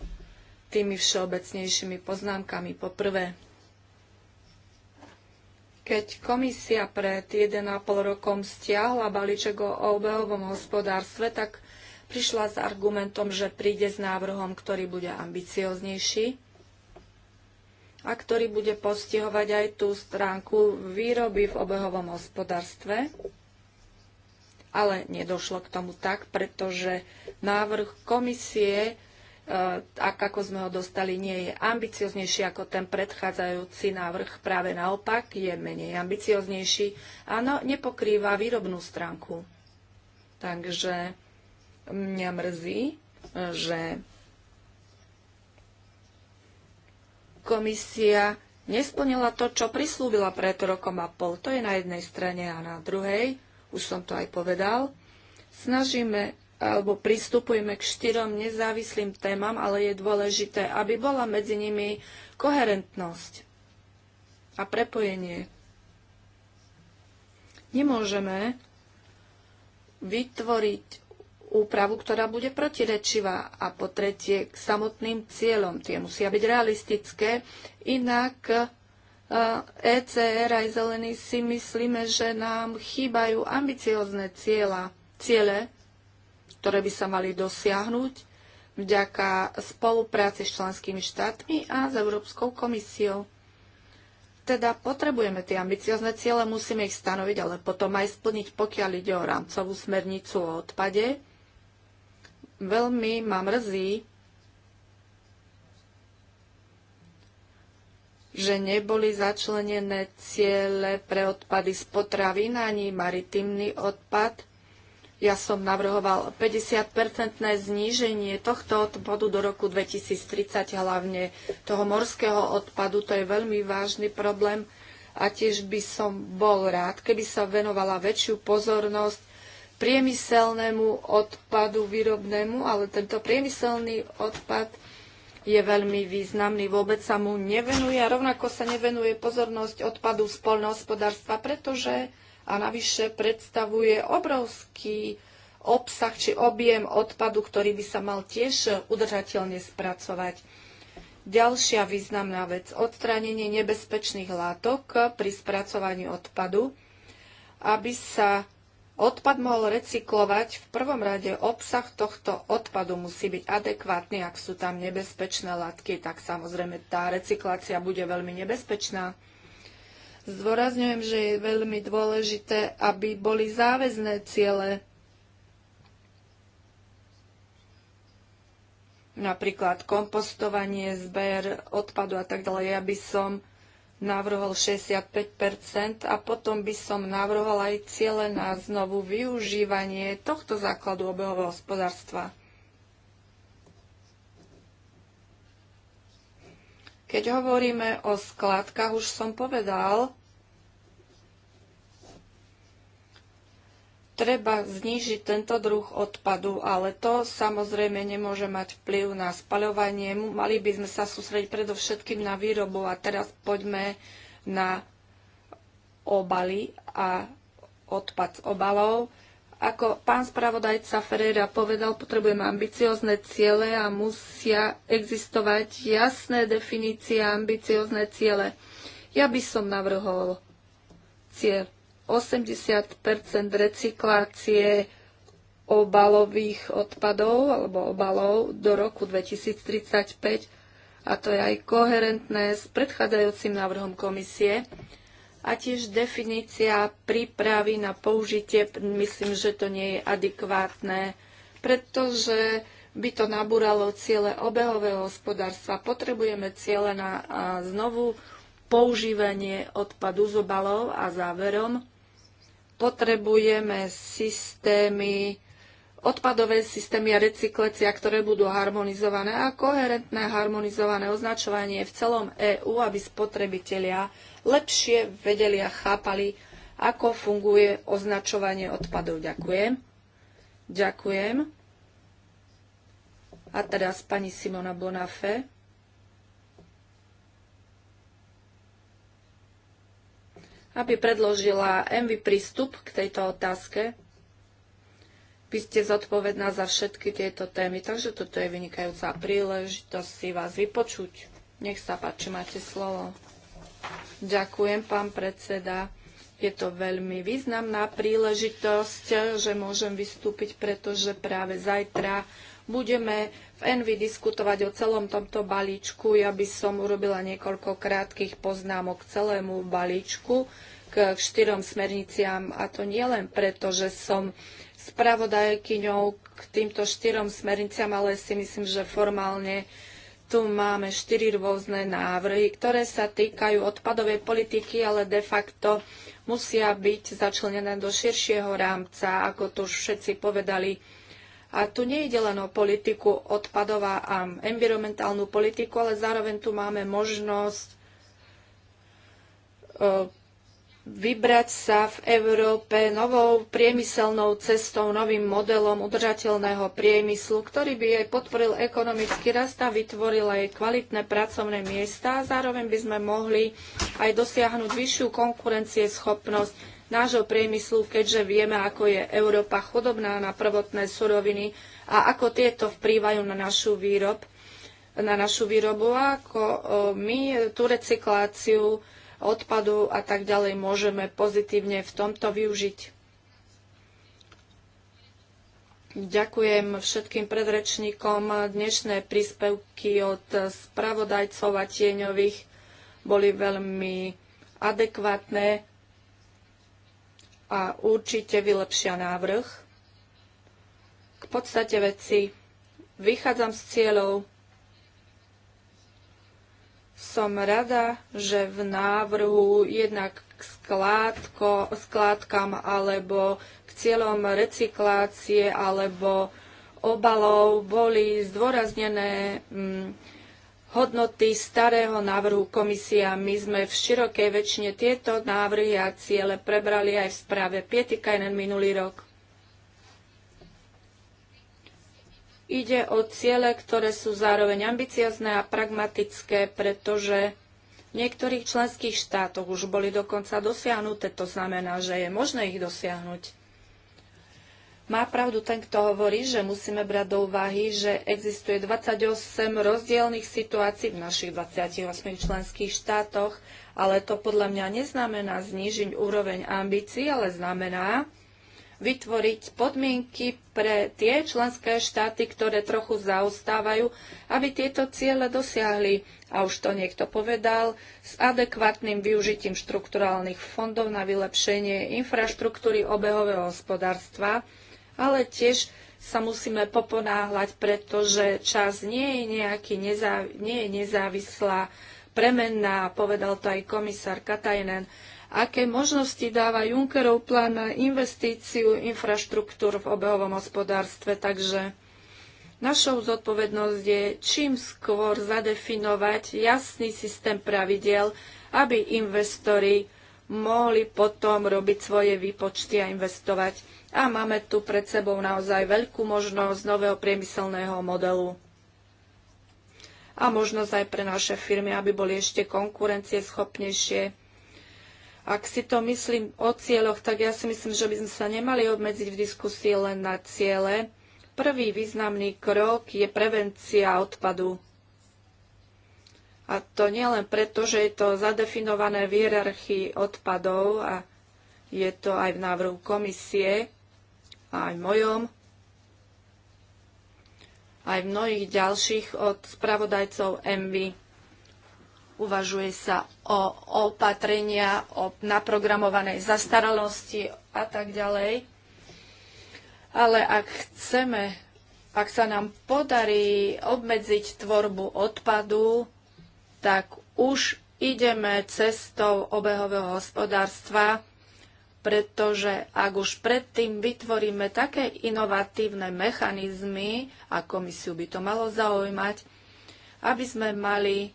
tými všeobecnejšími poznámkami. Poprvé, keď komisia pred 1,5 rokom stiahla balíček o obehovom hospodárstve, tak prišla s argumentom, že príde s návrhom, ktorý bude ambicioznejší a ktorý bude postihovať aj tú stránku výroby v obehovom hospodárstve. Ale nedošlo k tomu tak, pretože návrh komisie, e, ak ako sme ho dostali, nie je ambicioznejší ako ten predchádzajúci návrh. Práve naopak je menej ambicioznejší. Áno, nepokrýva výrobnú stránku. Takže mňa mrzí, že Komisia nesplnila to, čo prislúbila pred rokom a pol. To je na jednej strane a na druhej, už som to aj povedal, snažíme alebo pristupujeme k štyrom nezávislým témam, ale je dôležité, aby bola medzi nimi koherentnosť a prepojenie. Nemôžeme vytvoriť úpravu, ktorá bude protirečivá. A po tretie, k samotným cieľom. Tie musia byť realistické, inak ECR e aj zelení si myslíme, že nám chýbajú ambiciozne cieľa, ciele, ktoré by sa mali dosiahnuť vďaka spolupráci s členskými štátmi a s Európskou komisiou. Teda potrebujeme tie ambiciozne ciele, musíme ich stanoviť, ale potom aj splniť, pokiaľ ide o rámcovú smernicu o odpade, veľmi ma mrzí, že neboli začlenené ciele pre odpady z potravín ani maritimný odpad. Ja som navrhoval 50-percentné zníženie tohto odpadu do roku 2030, hlavne toho morského odpadu. To je veľmi vážny problém a tiež by som bol rád, keby sa venovala väčšiu pozornosť priemyselnému odpadu výrobnému, ale tento priemyselný odpad je veľmi významný, vôbec sa mu nevenuje a rovnako sa nevenuje pozornosť odpadu z pretože a navyše predstavuje obrovský obsah či objem odpadu, ktorý by sa mal tiež udržateľne spracovať. Ďalšia významná vec, odstránenie nebezpečných látok pri spracovaní odpadu, aby sa Odpad mohol recyklovať. V prvom rade obsah tohto odpadu musí byť adekvátny. Ak sú tam nebezpečné látky, tak samozrejme tá recyklácia bude veľmi nebezpečná. Zdôrazňujem, že je veľmi dôležité, aby boli záväzné ciele. Napríklad kompostovanie, zber odpadu a tak ďalej. Ja by som navrhol 65 a potom by som navrhol aj ciele na znovu využívanie tohto základu obehového hospodárstva. Keď hovoríme o skládkach, už som povedal, treba znížiť tento druh odpadu, ale to samozrejme nemôže mať vplyv na spaľovanie. Mali by sme sa sústrediť predovšetkým na výrobu a teraz poďme na obaly a odpad z obalov. Ako pán spravodajca Ferreira povedal, potrebujeme ambiciozne ciele a musia existovať jasné definície a ambiciozne ciele. Ja by som navrhol cieľ 80 recyklácie obalových odpadov alebo obalov do roku 2035 a to je aj koherentné s predchádzajúcim návrhom komisie a tiež definícia prípravy na použitie, myslím, že to nie je adekvátne, pretože by to nabúralo ciele obehového hospodárstva. Potrebujeme ciele na znovu používanie odpadu z obalov a záverom potrebujeme systémy, odpadové systémy a recyklecia, ktoré budú harmonizované a koherentné harmonizované označovanie v celom EÚ, aby spotrebitelia lepšie vedeli a chápali, ako funguje označovanie odpadov. Ďakujem. Ďakujem. A teraz pani Simona Bonafé. aby predložila MV prístup k tejto otázke. Vy ste zodpovedná za všetky tieto témy, takže toto je vynikajúca príležitosť si vás vypočuť. Nech sa páči, máte slovo. Ďakujem, pán predseda. Je to veľmi významná príležitosť, že môžem vystúpiť, pretože práve zajtra Budeme v Envy diskutovať o celom tomto balíčku. Ja by som urobila niekoľko krátkých poznámok k celému balíčku, k štyrom smerniciam a to nie len preto, že som spravodajkyňou k týmto štyrom smerniciam, ale si myslím, že formálne tu máme štyri rôzne návrhy, ktoré sa týkajú odpadovej politiky, ale de facto musia byť začlenené do širšieho rámca, ako tu už všetci povedali. A tu nejde len o politiku odpadová a environmentálnu politiku, ale zároveň tu máme možnosť e, vybrať sa v Európe novou priemyselnou cestou, novým modelom udržateľného priemyslu, ktorý by aj podporil ekonomický rast a vytvoril aj kvalitné pracovné miesta. Zároveň by sme mohli aj dosiahnuť vyššiu konkurencieschopnosť nášho priemyslu, keďže vieme, ako je Európa chodobná na prvotné suroviny a ako tieto vplývajú na našu výrob, na našu výrobu a ako my tú recykláciu odpadu a tak ďalej môžeme pozitívne v tomto využiť. Ďakujem všetkým predrečníkom. Dnešné príspevky od spravodajcov a tieňových boli veľmi adekvátne a určite vylepšia návrh. K podstate veci vychádzam z cieľov. Som rada, že v návrhu jednak k skládko, skládkam alebo k cieľom recyklácie alebo obalov boli zdôraznené mm, hodnoty starého návrhu komisia. My sme v širokej väčšine tieto návrhy a ciele prebrali aj v správe Pietikajnen minulý rok. Ide o ciele, ktoré sú zároveň ambiciozne a pragmatické, pretože v niektorých členských štátoch už boli dokonca dosiahnuté. To znamená, že je možné ich dosiahnuť. Má pravdu ten, kto hovorí, že musíme brať do úvahy, že existuje 28 rozdielných situácií v našich 28 členských štátoch, ale to podľa mňa neznamená znížiť úroveň ambícií, ale znamená, vytvoriť podmienky pre tie členské štáty, ktoré trochu zaostávajú, aby tieto ciele dosiahli. A už to niekto povedal, s adekvátnym využitím štrukturálnych fondov na vylepšenie infraštruktúry obehového hospodárstva ale tiež sa musíme poponáhľať, pretože čas nie je, nejaký nezáv- nie je nezávislá premenná, povedal to aj komisár Katajnen. Aké možnosti dáva Junckerov plán na investíciu infraštruktúr v obehovom hospodárstve? Takže Našou zodpovednosť je čím skôr zadefinovať jasný systém pravidel, aby investori mohli potom robiť svoje výpočty a investovať a máme tu pred sebou naozaj veľkú možnosť nového priemyselného modelu a možnosť aj pre naše firmy, aby boli ešte konkurencieschopnejšie. Ak si to myslím o cieľoch, tak ja si myslím, že by sme sa nemali obmedziť v diskusii len na ciele. Prvý významný krok je prevencia odpadu. A to nielen preto, že je to zadefinované v hierarchii odpadov a je to aj v návrhu komisie, aj mojom, aj mnohých ďalších od spravodajcov MV. Uvažuje sa o opatrenia, o naprogramovanej zastaralosti a tak ďalej. Ale ak chceme, ak sa nám podarí obmedziť tvorbu odpadu, tak už ideme cestou obehového hospodárstva pretože ak už predtým vytvoríme také inovatívne mechanizmy, a komisiu by to malo zaujímať, aby sme mali e,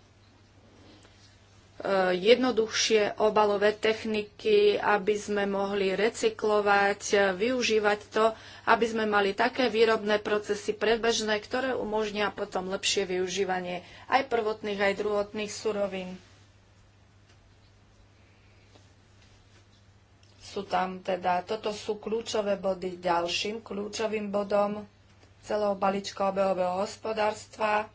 jednoduchšie obalové techniky, aby sme mohli recyklovať, e, využívať to, aby sme mali také výrobné procesy predbežné, ktoré umožnia potom lepšie využívanie aj prvotných, aj druhotných surovín. sú tam teda, toto sú kľúčové body ďalším kľúčovým bodom celého balíčka obehového hospodárstva.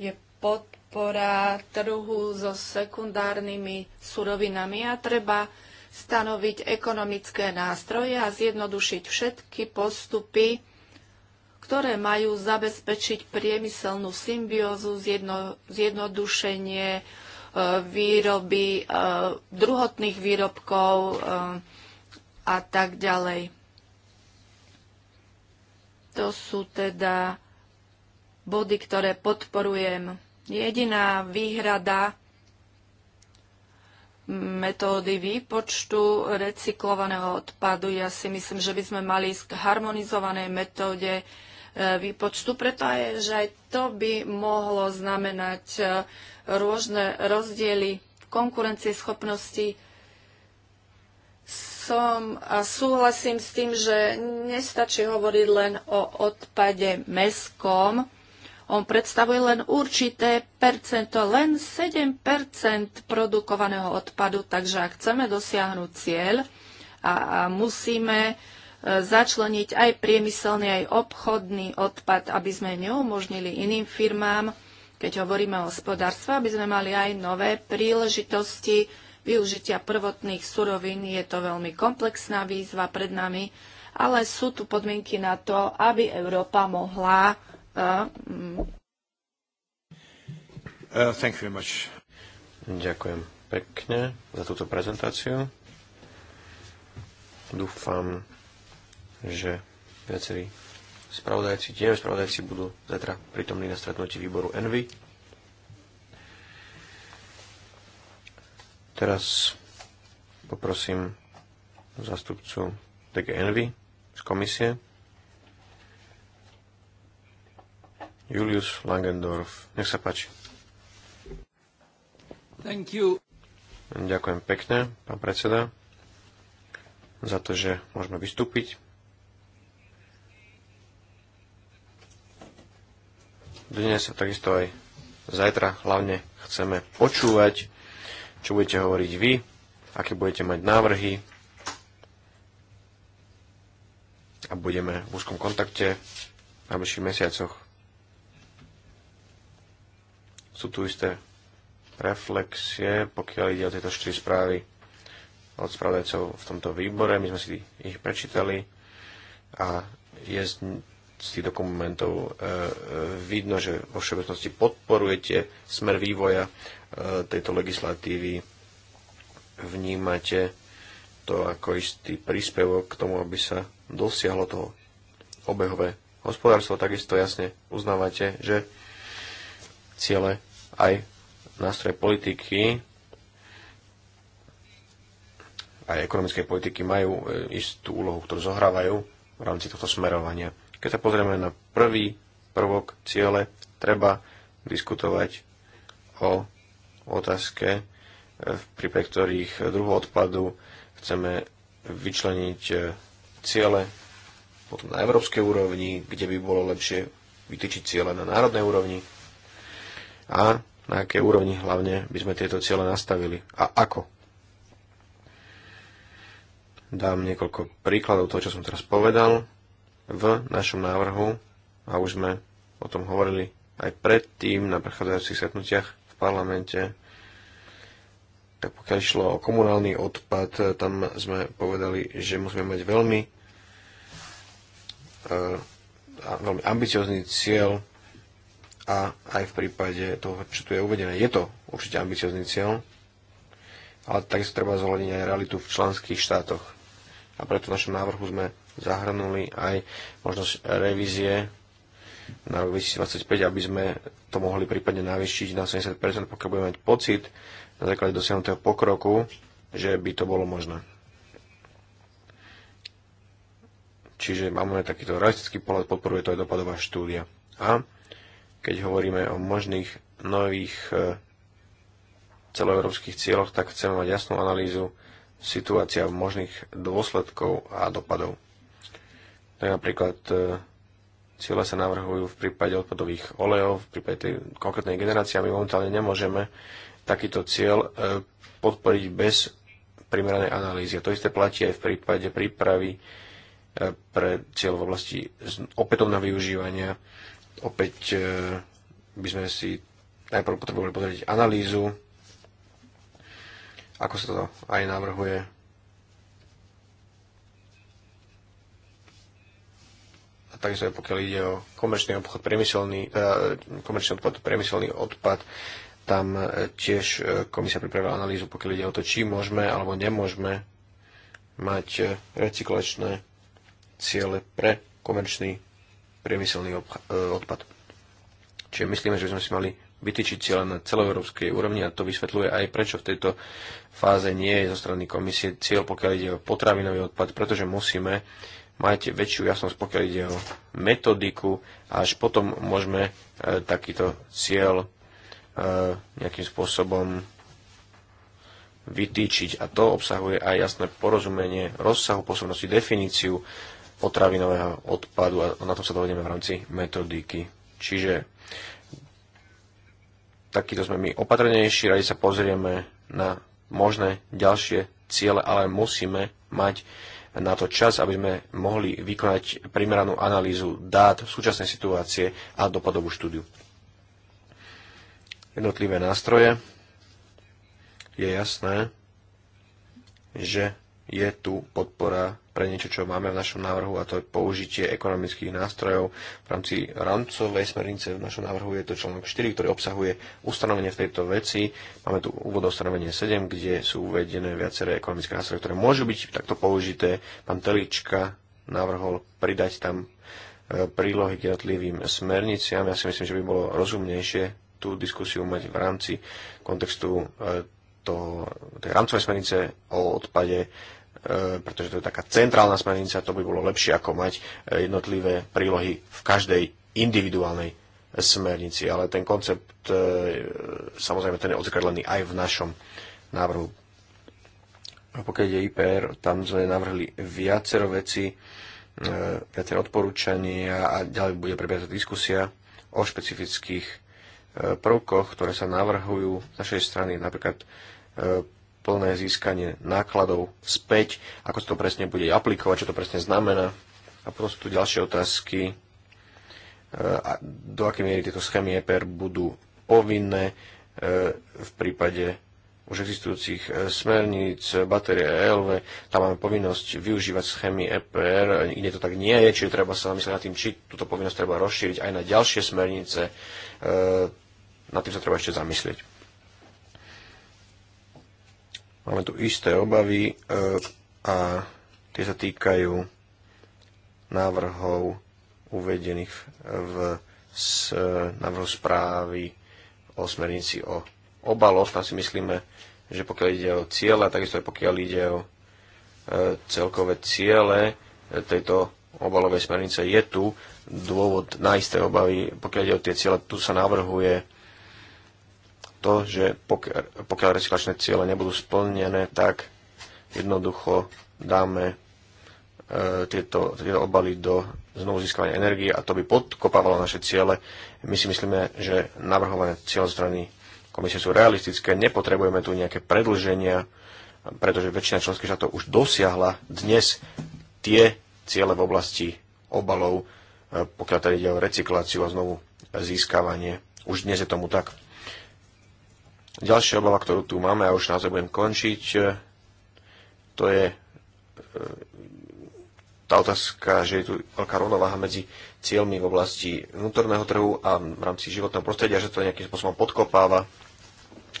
Je podpora trhu so sekundárnymi surovinami a treba stanoviť ekonomické nástroje a zjednodušiť všetky postupy, ktoré majú zabezpečiť priemyselnú symbiózu, zjedno, zjednodušenie, výroby e, druhotných výrobkov e, a tak ďalej. To sú teda body, ktoré podporujem. Jediná výhrada metódy výpočtu recyklovaného odpadu. Ja si myslím, že by sme mali ísť k harmonizovanej metóde e, výpočtu, preto aj, že aj to by mohlo znamenať rôzne rozdiely schopnosti. Som a súhlasím s tým, že nestačí hovoriť len o odpade meskom. On predstavuje len určité percento, len 7 produkovaného odpadu, takže ak chceme dosiahnuť cieľ a, a musíme e, začleniť aj priemyselný, aj obchodný odpad, aby sme neumožnili iným firmám keď hovoríme o hospodárstve, aby sme mali aj nové príležitosti využitia prvotných surovín. Je to veľmi komplexná výzva pred nami, ale sú tu podmienky na to, aby Európa mohla. Uh, uh, thank you very much. Ďakujem pekne za túto prezentáciu. Dúfam, že viacerí spravodajci, tiež spravodajci budú zajtra pritomní na stretnutí výboru Envy. Teraz poprosím zastupcu DG Envy z komisie. Julius Langendorf. Nech sa páči. Thank you. Ďakujem pekne, pán predseda, za to, že môžeme vystúpiť dnes a takisto aj zajtra hlavne chceme počúvať, čo budete hovoriť vy, aké budete mať návrhy a budeme v úzkom kontakte v najbližších mesiacoch. Sú tu isté reflexie, pokiaľ ide o tieto štyri správy od spravodajcov v tomto výbore. My sme si ich prečítali a je z týchto dokumentov e, e, vidno, že vo všeobecnosti podporujete smer vývoja e, tejto legislatívy, vnímate to ako istý príspevok k tomu, aby sa dosiahlo toho obehové hospodárstvo. Takisto jasne uznávate, že ciele aj nástroje politiky aj ekonomickej politiky majú istú úlohu, ktorú zohrávajú v rámci tohto smerovania. Keď sa pozrieme na prvý prvok ciele, treba diskutovať o otázke, e, pri ktorých druhov odpadu chceme vyčleniť e, ciele potom na európskej úrovni, kde by bolo lepšie vytýčiť ciele na národnej úrovni a na aké úrovni hlavne by sme tieto ciele nastavili a ako. Dám niekoľko príkladov toho, čo som teraz povedal v našom návrhu, a už sme o tom hovorili aj predtým na prechádzajúcich stretnutiach v parlamente, tak pokiaľ išlo o komunálny odpad, tam sme povedali, že musíme mať veľmi, e, veľmi ambiciozný cieľ a aj v prípade toho, čo tu je uvedené, je to určite ambiciozný cieľ, ale takisto treba zohľadniť aj realitu v členských štátoch a preto v našom návrhu sme zahrnuli aj možnosť revízie na rok 2025, aby sme to mohli prípadne navýšiť na 70%, pokiaľ budeme mať pocit na základe dosiahnutého pokroku, že by to bolo možné. Čiže máme takýto realistický pohľad, podporuje to aj dopadová štúdia. A keď hovoríme o možných nových e, celoeurópskych cieľoch, tak chceme mať jasnú analýzu situácia v možných dôsledkov a dopadov. Tak napríklad e, ciele sa navrhujú v prípade odpadových olejov, v prípade tej konkrétnej generácie a my momentálne nemôžeme takýto cieľ e, podporiť bez primeranej analýzy. A to isté platí aj v prípade prípravy e, pre cieľ v oblasti opätovného využívania. Opäť by sme si najprv potrebovali pozrieť analýzu ako sa to aj navrhuje. A takisto aj pokiaľ ide o komerčný obchod, priemyselný, teda komerčný obchod, priemyselný odpad, tam e, tiež e, komisia pripravila analýzu, pokiaľ ide o to, či môžeme alebo nemôžeme mať e, recyklačné ciele pre komerčný priemyselný odpad. Čiže myslíme, že by sme si mali vytýčiť cieľ na celoeurópskej úrovni a to vysvetľuje aj prečo v tejto fáze nie je zo strany komisie cieľ, pokiaľ ide o potravinový odpad, pretože musíme mať väčšiu jasnosť, pokiaľ ide o metodiku a až potom môžeme e, takýto cieľ e, nejakým spôsobom vytýčiť a to obsahuje aj jasné porozumenie rozsahu posobnosti, definíciu potravinového odpadu a na tom sa dohodneme v rámci metodiky. Čiže takýto sme my opatrnejší, radi sa pozrieme na možné ďalšie ciele, ale musíme mať na to čas, aby sme mohli vykonať primeranú analýzu dát, súčasnej situácie a dopadovú štúdiu. Jednotlivé nástroje. Je jasné, že je tu podpora pre niečo, čo máme v našom návrhu a to je použitie ekonomických nástrojov. V rámci rámcovej smernice v našom návrhu je to článok 4, ktorý obsahuje ustanovenie v tejto veci. Máme tu úvod ustanovenie 7, kde sú uvedené viaceré ekonomické nástroje, ktoré môžu byť takto použité. Pán Telička navrhol pridať tam e, prílohy k jednotlivým smerniciam. Ja si myslím, že by bolo rozumnejšie tú diskusiu mať v rámci kontextu e, toho tej rámcovej smernice o odpade E, pretože to je taká centrálna smernica, to by bolo lepšie ako mať e, jednotlivé prílohy v každej individuálnej smernici, ale ten koncept e, samozrejme ten je odzrkadlený aj v našom návrhu. A pokiaľ je IPR, tam sme navrhli viacero veci, viacero odporúčania a ďalej bude prebiehať diskusia o špecifických prvkoch, ktoré sa navrhujú z našej strany, napríklad plné získanie nákladov späť, ako sa to presne bude aplikovať, čo to presne znamená. A potom sú tu ďalšie otázky, e, do akej miery tieto schémy EPR budú povinné e, v prípade už existujúcich e, smerníc, batérie ELV, tam máme povinnosť využívať schémy EPR, inde to tak nie je, čiže treba sa zamyslieť nad tým, či túto povinnosť treba rozšíriť aj na ďalšie smernice, nad tým sa treba ešte zamyslieť. Máme tu isté obavy e, a tie sa týkajú návrhov uvedených v návrhu správy o smernici o obaloch. Tam si myslíme, že pokiaľ ide o ciele, takisto aj pokiaľ ide o e, celkové ciele e, tejto obalovej smernice, je tu dôvod na isté obavy. Pokiaľ ide o tie ciele, tu sa navrhuje to, že pokiaľ, pokiaľ recyklačné ciele nebudú splnené, tak jednoducho dáme e, tieto, tieto obaly do znovu získavania energie a to by podkopávalo naše ciele. My si myslíme, že navrhované cieľ strany komisie sú realistické, nepotrebujeme tu nejaké predlženia, pretože väčšina členských štátov už dosiahla dnes tie ciele v oblasti obalov, e, pokiaľ teda ide o recykláciu a znovu získavanie. Už dnes je tomu tak. Ďalšia obava, ktorú tu máme, a už naozaj budem končiť, e, to je e, tá otázka, že je tu veľká rovnováha medzi cieľmi v oblasti vnútorného trhu a v rámci životného prostredia, že to nejakým spôsobom podkopáva.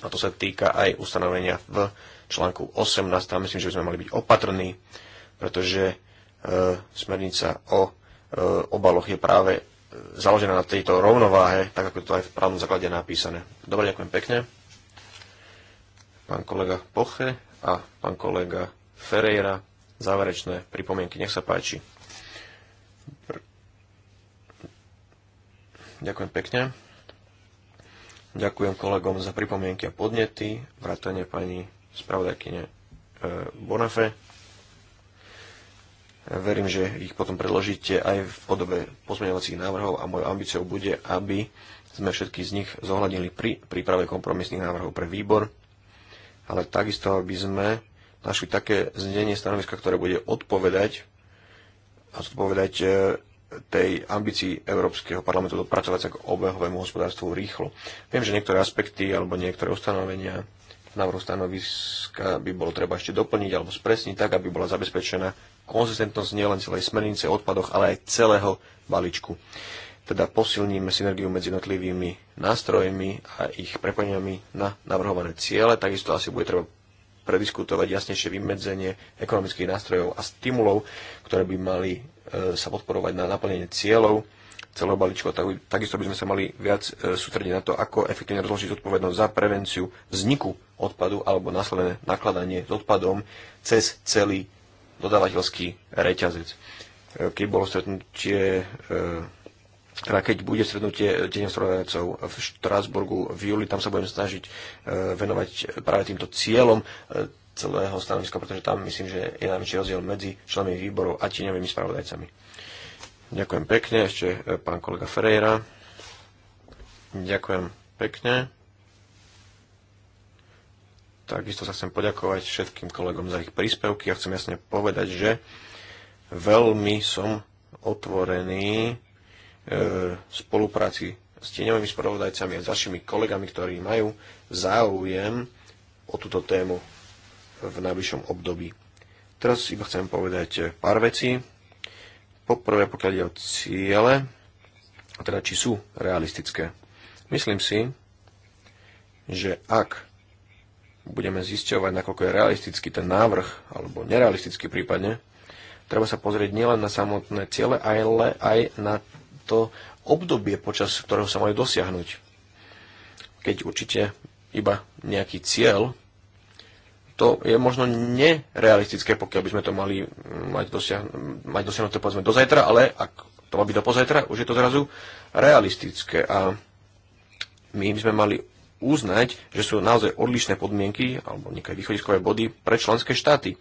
A to sa týka aj ustanovenia v článku 18. Tam myslím, že by sme mali byť opatrní, pretože e, smernica o e, obaloch je práve e, založená na tejto rovnováhe, tak ako to aj v právnom základe napísané. Dobre, ďakujem pekne pán kolega Poche a pán kolega Ferreira záverečné pripomienky. Nech sa páči. Pr- Ďakujem pekne. Ďakujem kolegom za pripomienky a podnety, vrátane pani spravodajkyne e, Bonafe. Verím, že ich potom predložíte aj v podobe pozmeňovacích návrhov a mojou ambíciou bude, aby sme všetky z nich zohľadnili pri príprave kompromisných návrhov pre výbor ale takisto, aby sme našli také znenie stanoviska, ktoré bude odpovedať a odpovedať e, tej ambícii Európskeho parlamentu dopracovať sa k obehovému hospodárstvu rýchlo. Viem, že niektoré aspekty alebo niektoré ustanovenia návrhu stanoviska by bolo treba ešte doplniť alebo spresniť tak, aby bola zabezpečená konzistentnosť nielen celej smernice o odpadoch, ale aj celého balíčku teda posilníme synergiu medzi jednotlivými nástrojmi a ich prepojeniami na navrhované ciele. Takisto asi bude treba prediskutovať jasnejšie vymedzenie ekonomických nástrojov a stimulov, ktoré by mali e, sa podporovať na naplnenie cieľov celého balíčka. takisto by sme sa mali viac e, sústrediť na to, ako efektívne rozložiť zodpovednosť za prevenciu vzniku odpadu alebo následné nakladanie s odpadom cez celý dodávateľský reťazec. E, keď bolo stretnutie teda keď bude strednutie deň strojancov v Štrásburgu v júli, tam sa budem snažiť e, venovať práve týmto cieľom e, celého stanoviska, pretože tam myslím, že je najväčší rozdiel medzi členmi výborov a tieňovými spravodajcami. Ďakujem pekne, ešte e, pán kolega Ferreira. Ďakujem pekne. Takisto sa chcem poďakovať všetkým kolegom za ich príspevky a chcem jasne povedať, že veľmi som otvorený E, spolupráci s tieňovými spravodajcami a s našimi kolegami, ktorí majú záujem o túto tému v najbližšom období. Teraz iba chcem povedať pár vecí. Poprvé, pokiaľ ide o ciele, teda či sú realistické. Myslím si, že ak budeme zisťovať, nakoľko je realistický ten návrh, alebo nerealistický prípadne, treba sa pozrieť nielen na samotné ciele, ale aj na to obdobie, počas ktorého sa majú dosiahnuť. Keď určite iba nejaký cieľ, to je možno nerealistické, pokiaľ by sme to mali mať, dosiahnu, mať dosiahnuté povedzme do zajtra, ale ak to má byť do pozajtra, už je to zrazu realistické. A my sme mali uznať, že sú naozaj odlišné podmienky alebo nejaké východiskové body pre členské štáty.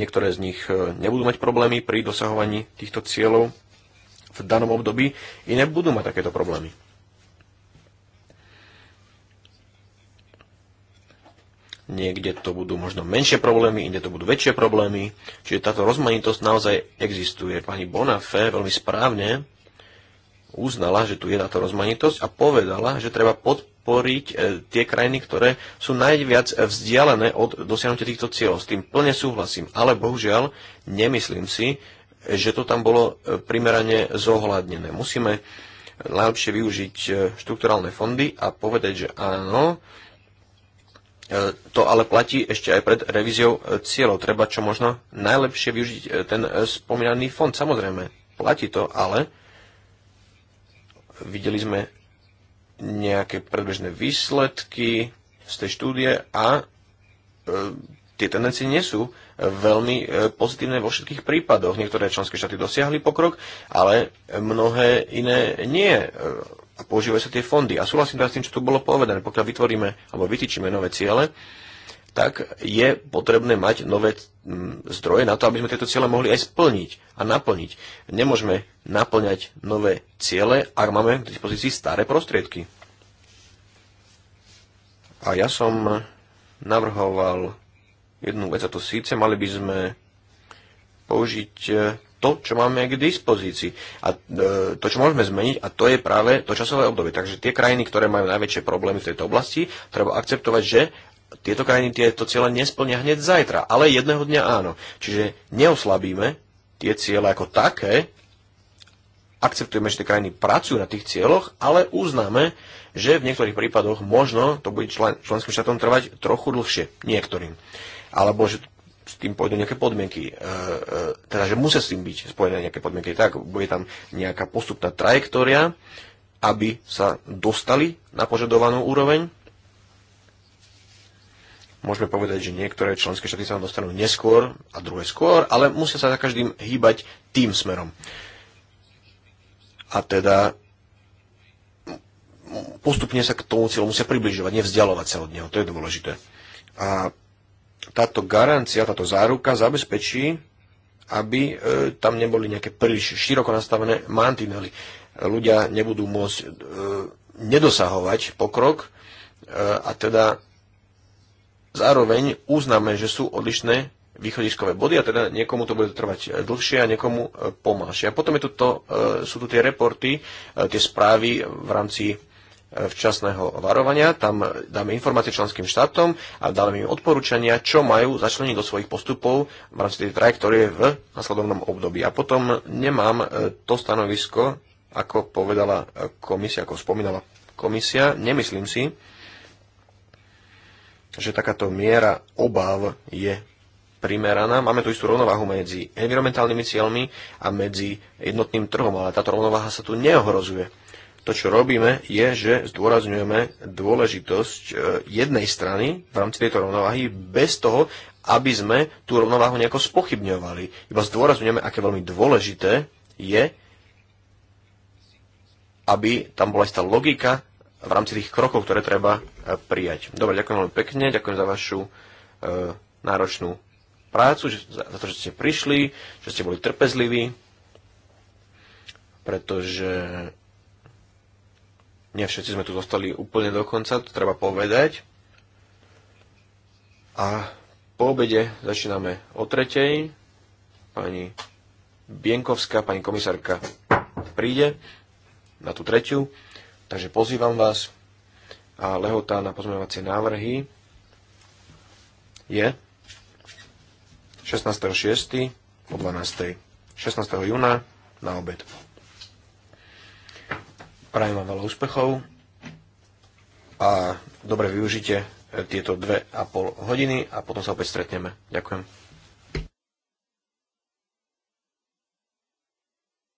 Niektoré z nich e, nebudú mať problémy pri dosahovaní týchto cieľov, v danom období, i nebudú mať takéto problémy. Niekde to budú možno menšie problémy, inde to budú väčšie problémy. Čiže táto rozmanitosť naozaj existuje. Pani Bonafé veľmi správne uznala, že tu je táto rozmanitosť a povedala, že treba podporiť e, tie krajiny, ktoré sú najviac vzdialené od dosiahnutia týchto cieľov. S tým plne súhlasím, ale bohužiaľ nemyslím si, že to tam bolo e, primerane zohľadnené. Musíme najlepšie využiť e, štrukturálne fondy a povedať, že áno, e, to ale platí ešte aj pred revíziou cieľov. Treba čo možno najlepšie využiť ten spomínaný fond. Samozrejme, platí to, ale videli sme nejaké predbežné výsledky z tej štúdie a tie tendencie nie sú e, veľmi e, pozitívne vo všetkých prípadoch. Niektoré členské štáty dosiahli pokrok, ale mnohé iné nie e, a používajú sa tie fondy. A súhlasím teraz s tým, čo tu bolo povedané. Pokiaľ vytvoríme alebo vytýčime nové ciele, tak je potrebné mať nové zdroje na to, aby sme tieto ciele mohli aj splniť a naplniť. Nemôžeme naplňať nové ciele, ak máme k dispozícii staré prostriedky. A ja som navrhoval jednu vec a to síce mali by sme použiť e, to, čo máme k dispozícii a e, to, čo môžeme zmeniť a to je práve to časové obdobie. Takže tie krajiny, ktoré majú najväčšie problémy v tejto oblasti, treba akceptovať, že tieto krajiny tieto ciele nesplnia hneď zajtra, ale jedného dňa áno. Čiže neoslabíme tie ciele ako také, akceptujeme, že tie krajiny pracujú na tých cieľoch, ale uznáme, že v niektorých prípadoch možno to bude člen, členským štátom trvať trochu dlhšie. Niektorým alebo že s tým pôjdu nejaké podmienky, e, e, teda že musia s tým byť spojené nejaké podmienky, tak bude tam nejaká postupná trajektória, aby sa dostali na požadovanú úroveň. Môžeme povedať, že niektoré členské štáty sa dostanú neskôr a druhé skôr, ale musia sa za každým hýbať tým smerom. A teda postupne sa k tomu cieľu musia približovať, nevzdialovať sa od neho. To je dôležité. A táto garancia, táto záruka zabezpečí, aby e, tam neboli nejaké príliš široko nastavené mantinely. Ľudia nebudú môcť e, nedosahovať pokrok e, a teda zároveň uznáme, že sú odlišné východiskové body a teda niekomu to bude trvať e, dlhšie a niekomu e, pomalšie. A potom je to to, e, sú tu tie reporty, tie správy v rámci včasného varovania, tam dáme informácie členským štátom a dáme im odporúčania, čo majú začleniť do svojich postupov v rámci tej trajektórie v nasledovnom období. A potom nemám e, to stanovisko, ako povedala komisia, ako spomínala komisia, nemyslím si, že takáto miera obáv je primeraná. Máme tu istú rovnováhu medzi environmentálnymi cieľmi a medzi jednotným trhom, ale táto rovnováha sa tu neohrozuje to, čo robíme, je, že zdôrazňujeme dôležitosť e, jednej strany v rámci tejto rovnováhy bez toho, aby sme tú rovnováhu nejako spochybňovali. Iba zdôrazňujeme, aké veľmi dôležité je, aby tam bola istá logika v rámci tých krokov, ktoré treba e, prijať. Dobre, ďakujem veľmi pekne, ďakujem za vašu e, náročnú prácu, že, za, za to, že ste prišli, že ste boli trpezliví, pretože nie všetci sme tu zostali úplne do konca, to treba povedať. A po obede začíname o tretej. Pani Bienkovská, pani komisárka príde na tú tretiu. Takže pozývam vás a lehota na pozmeňovacie návrhy je 16.6. o 12. 16. júna na obed. Prajem vám veľa úspechov a dobre využite e, tieto dve a pol hodiny a potom sa opäť stretneme. Ďakujem.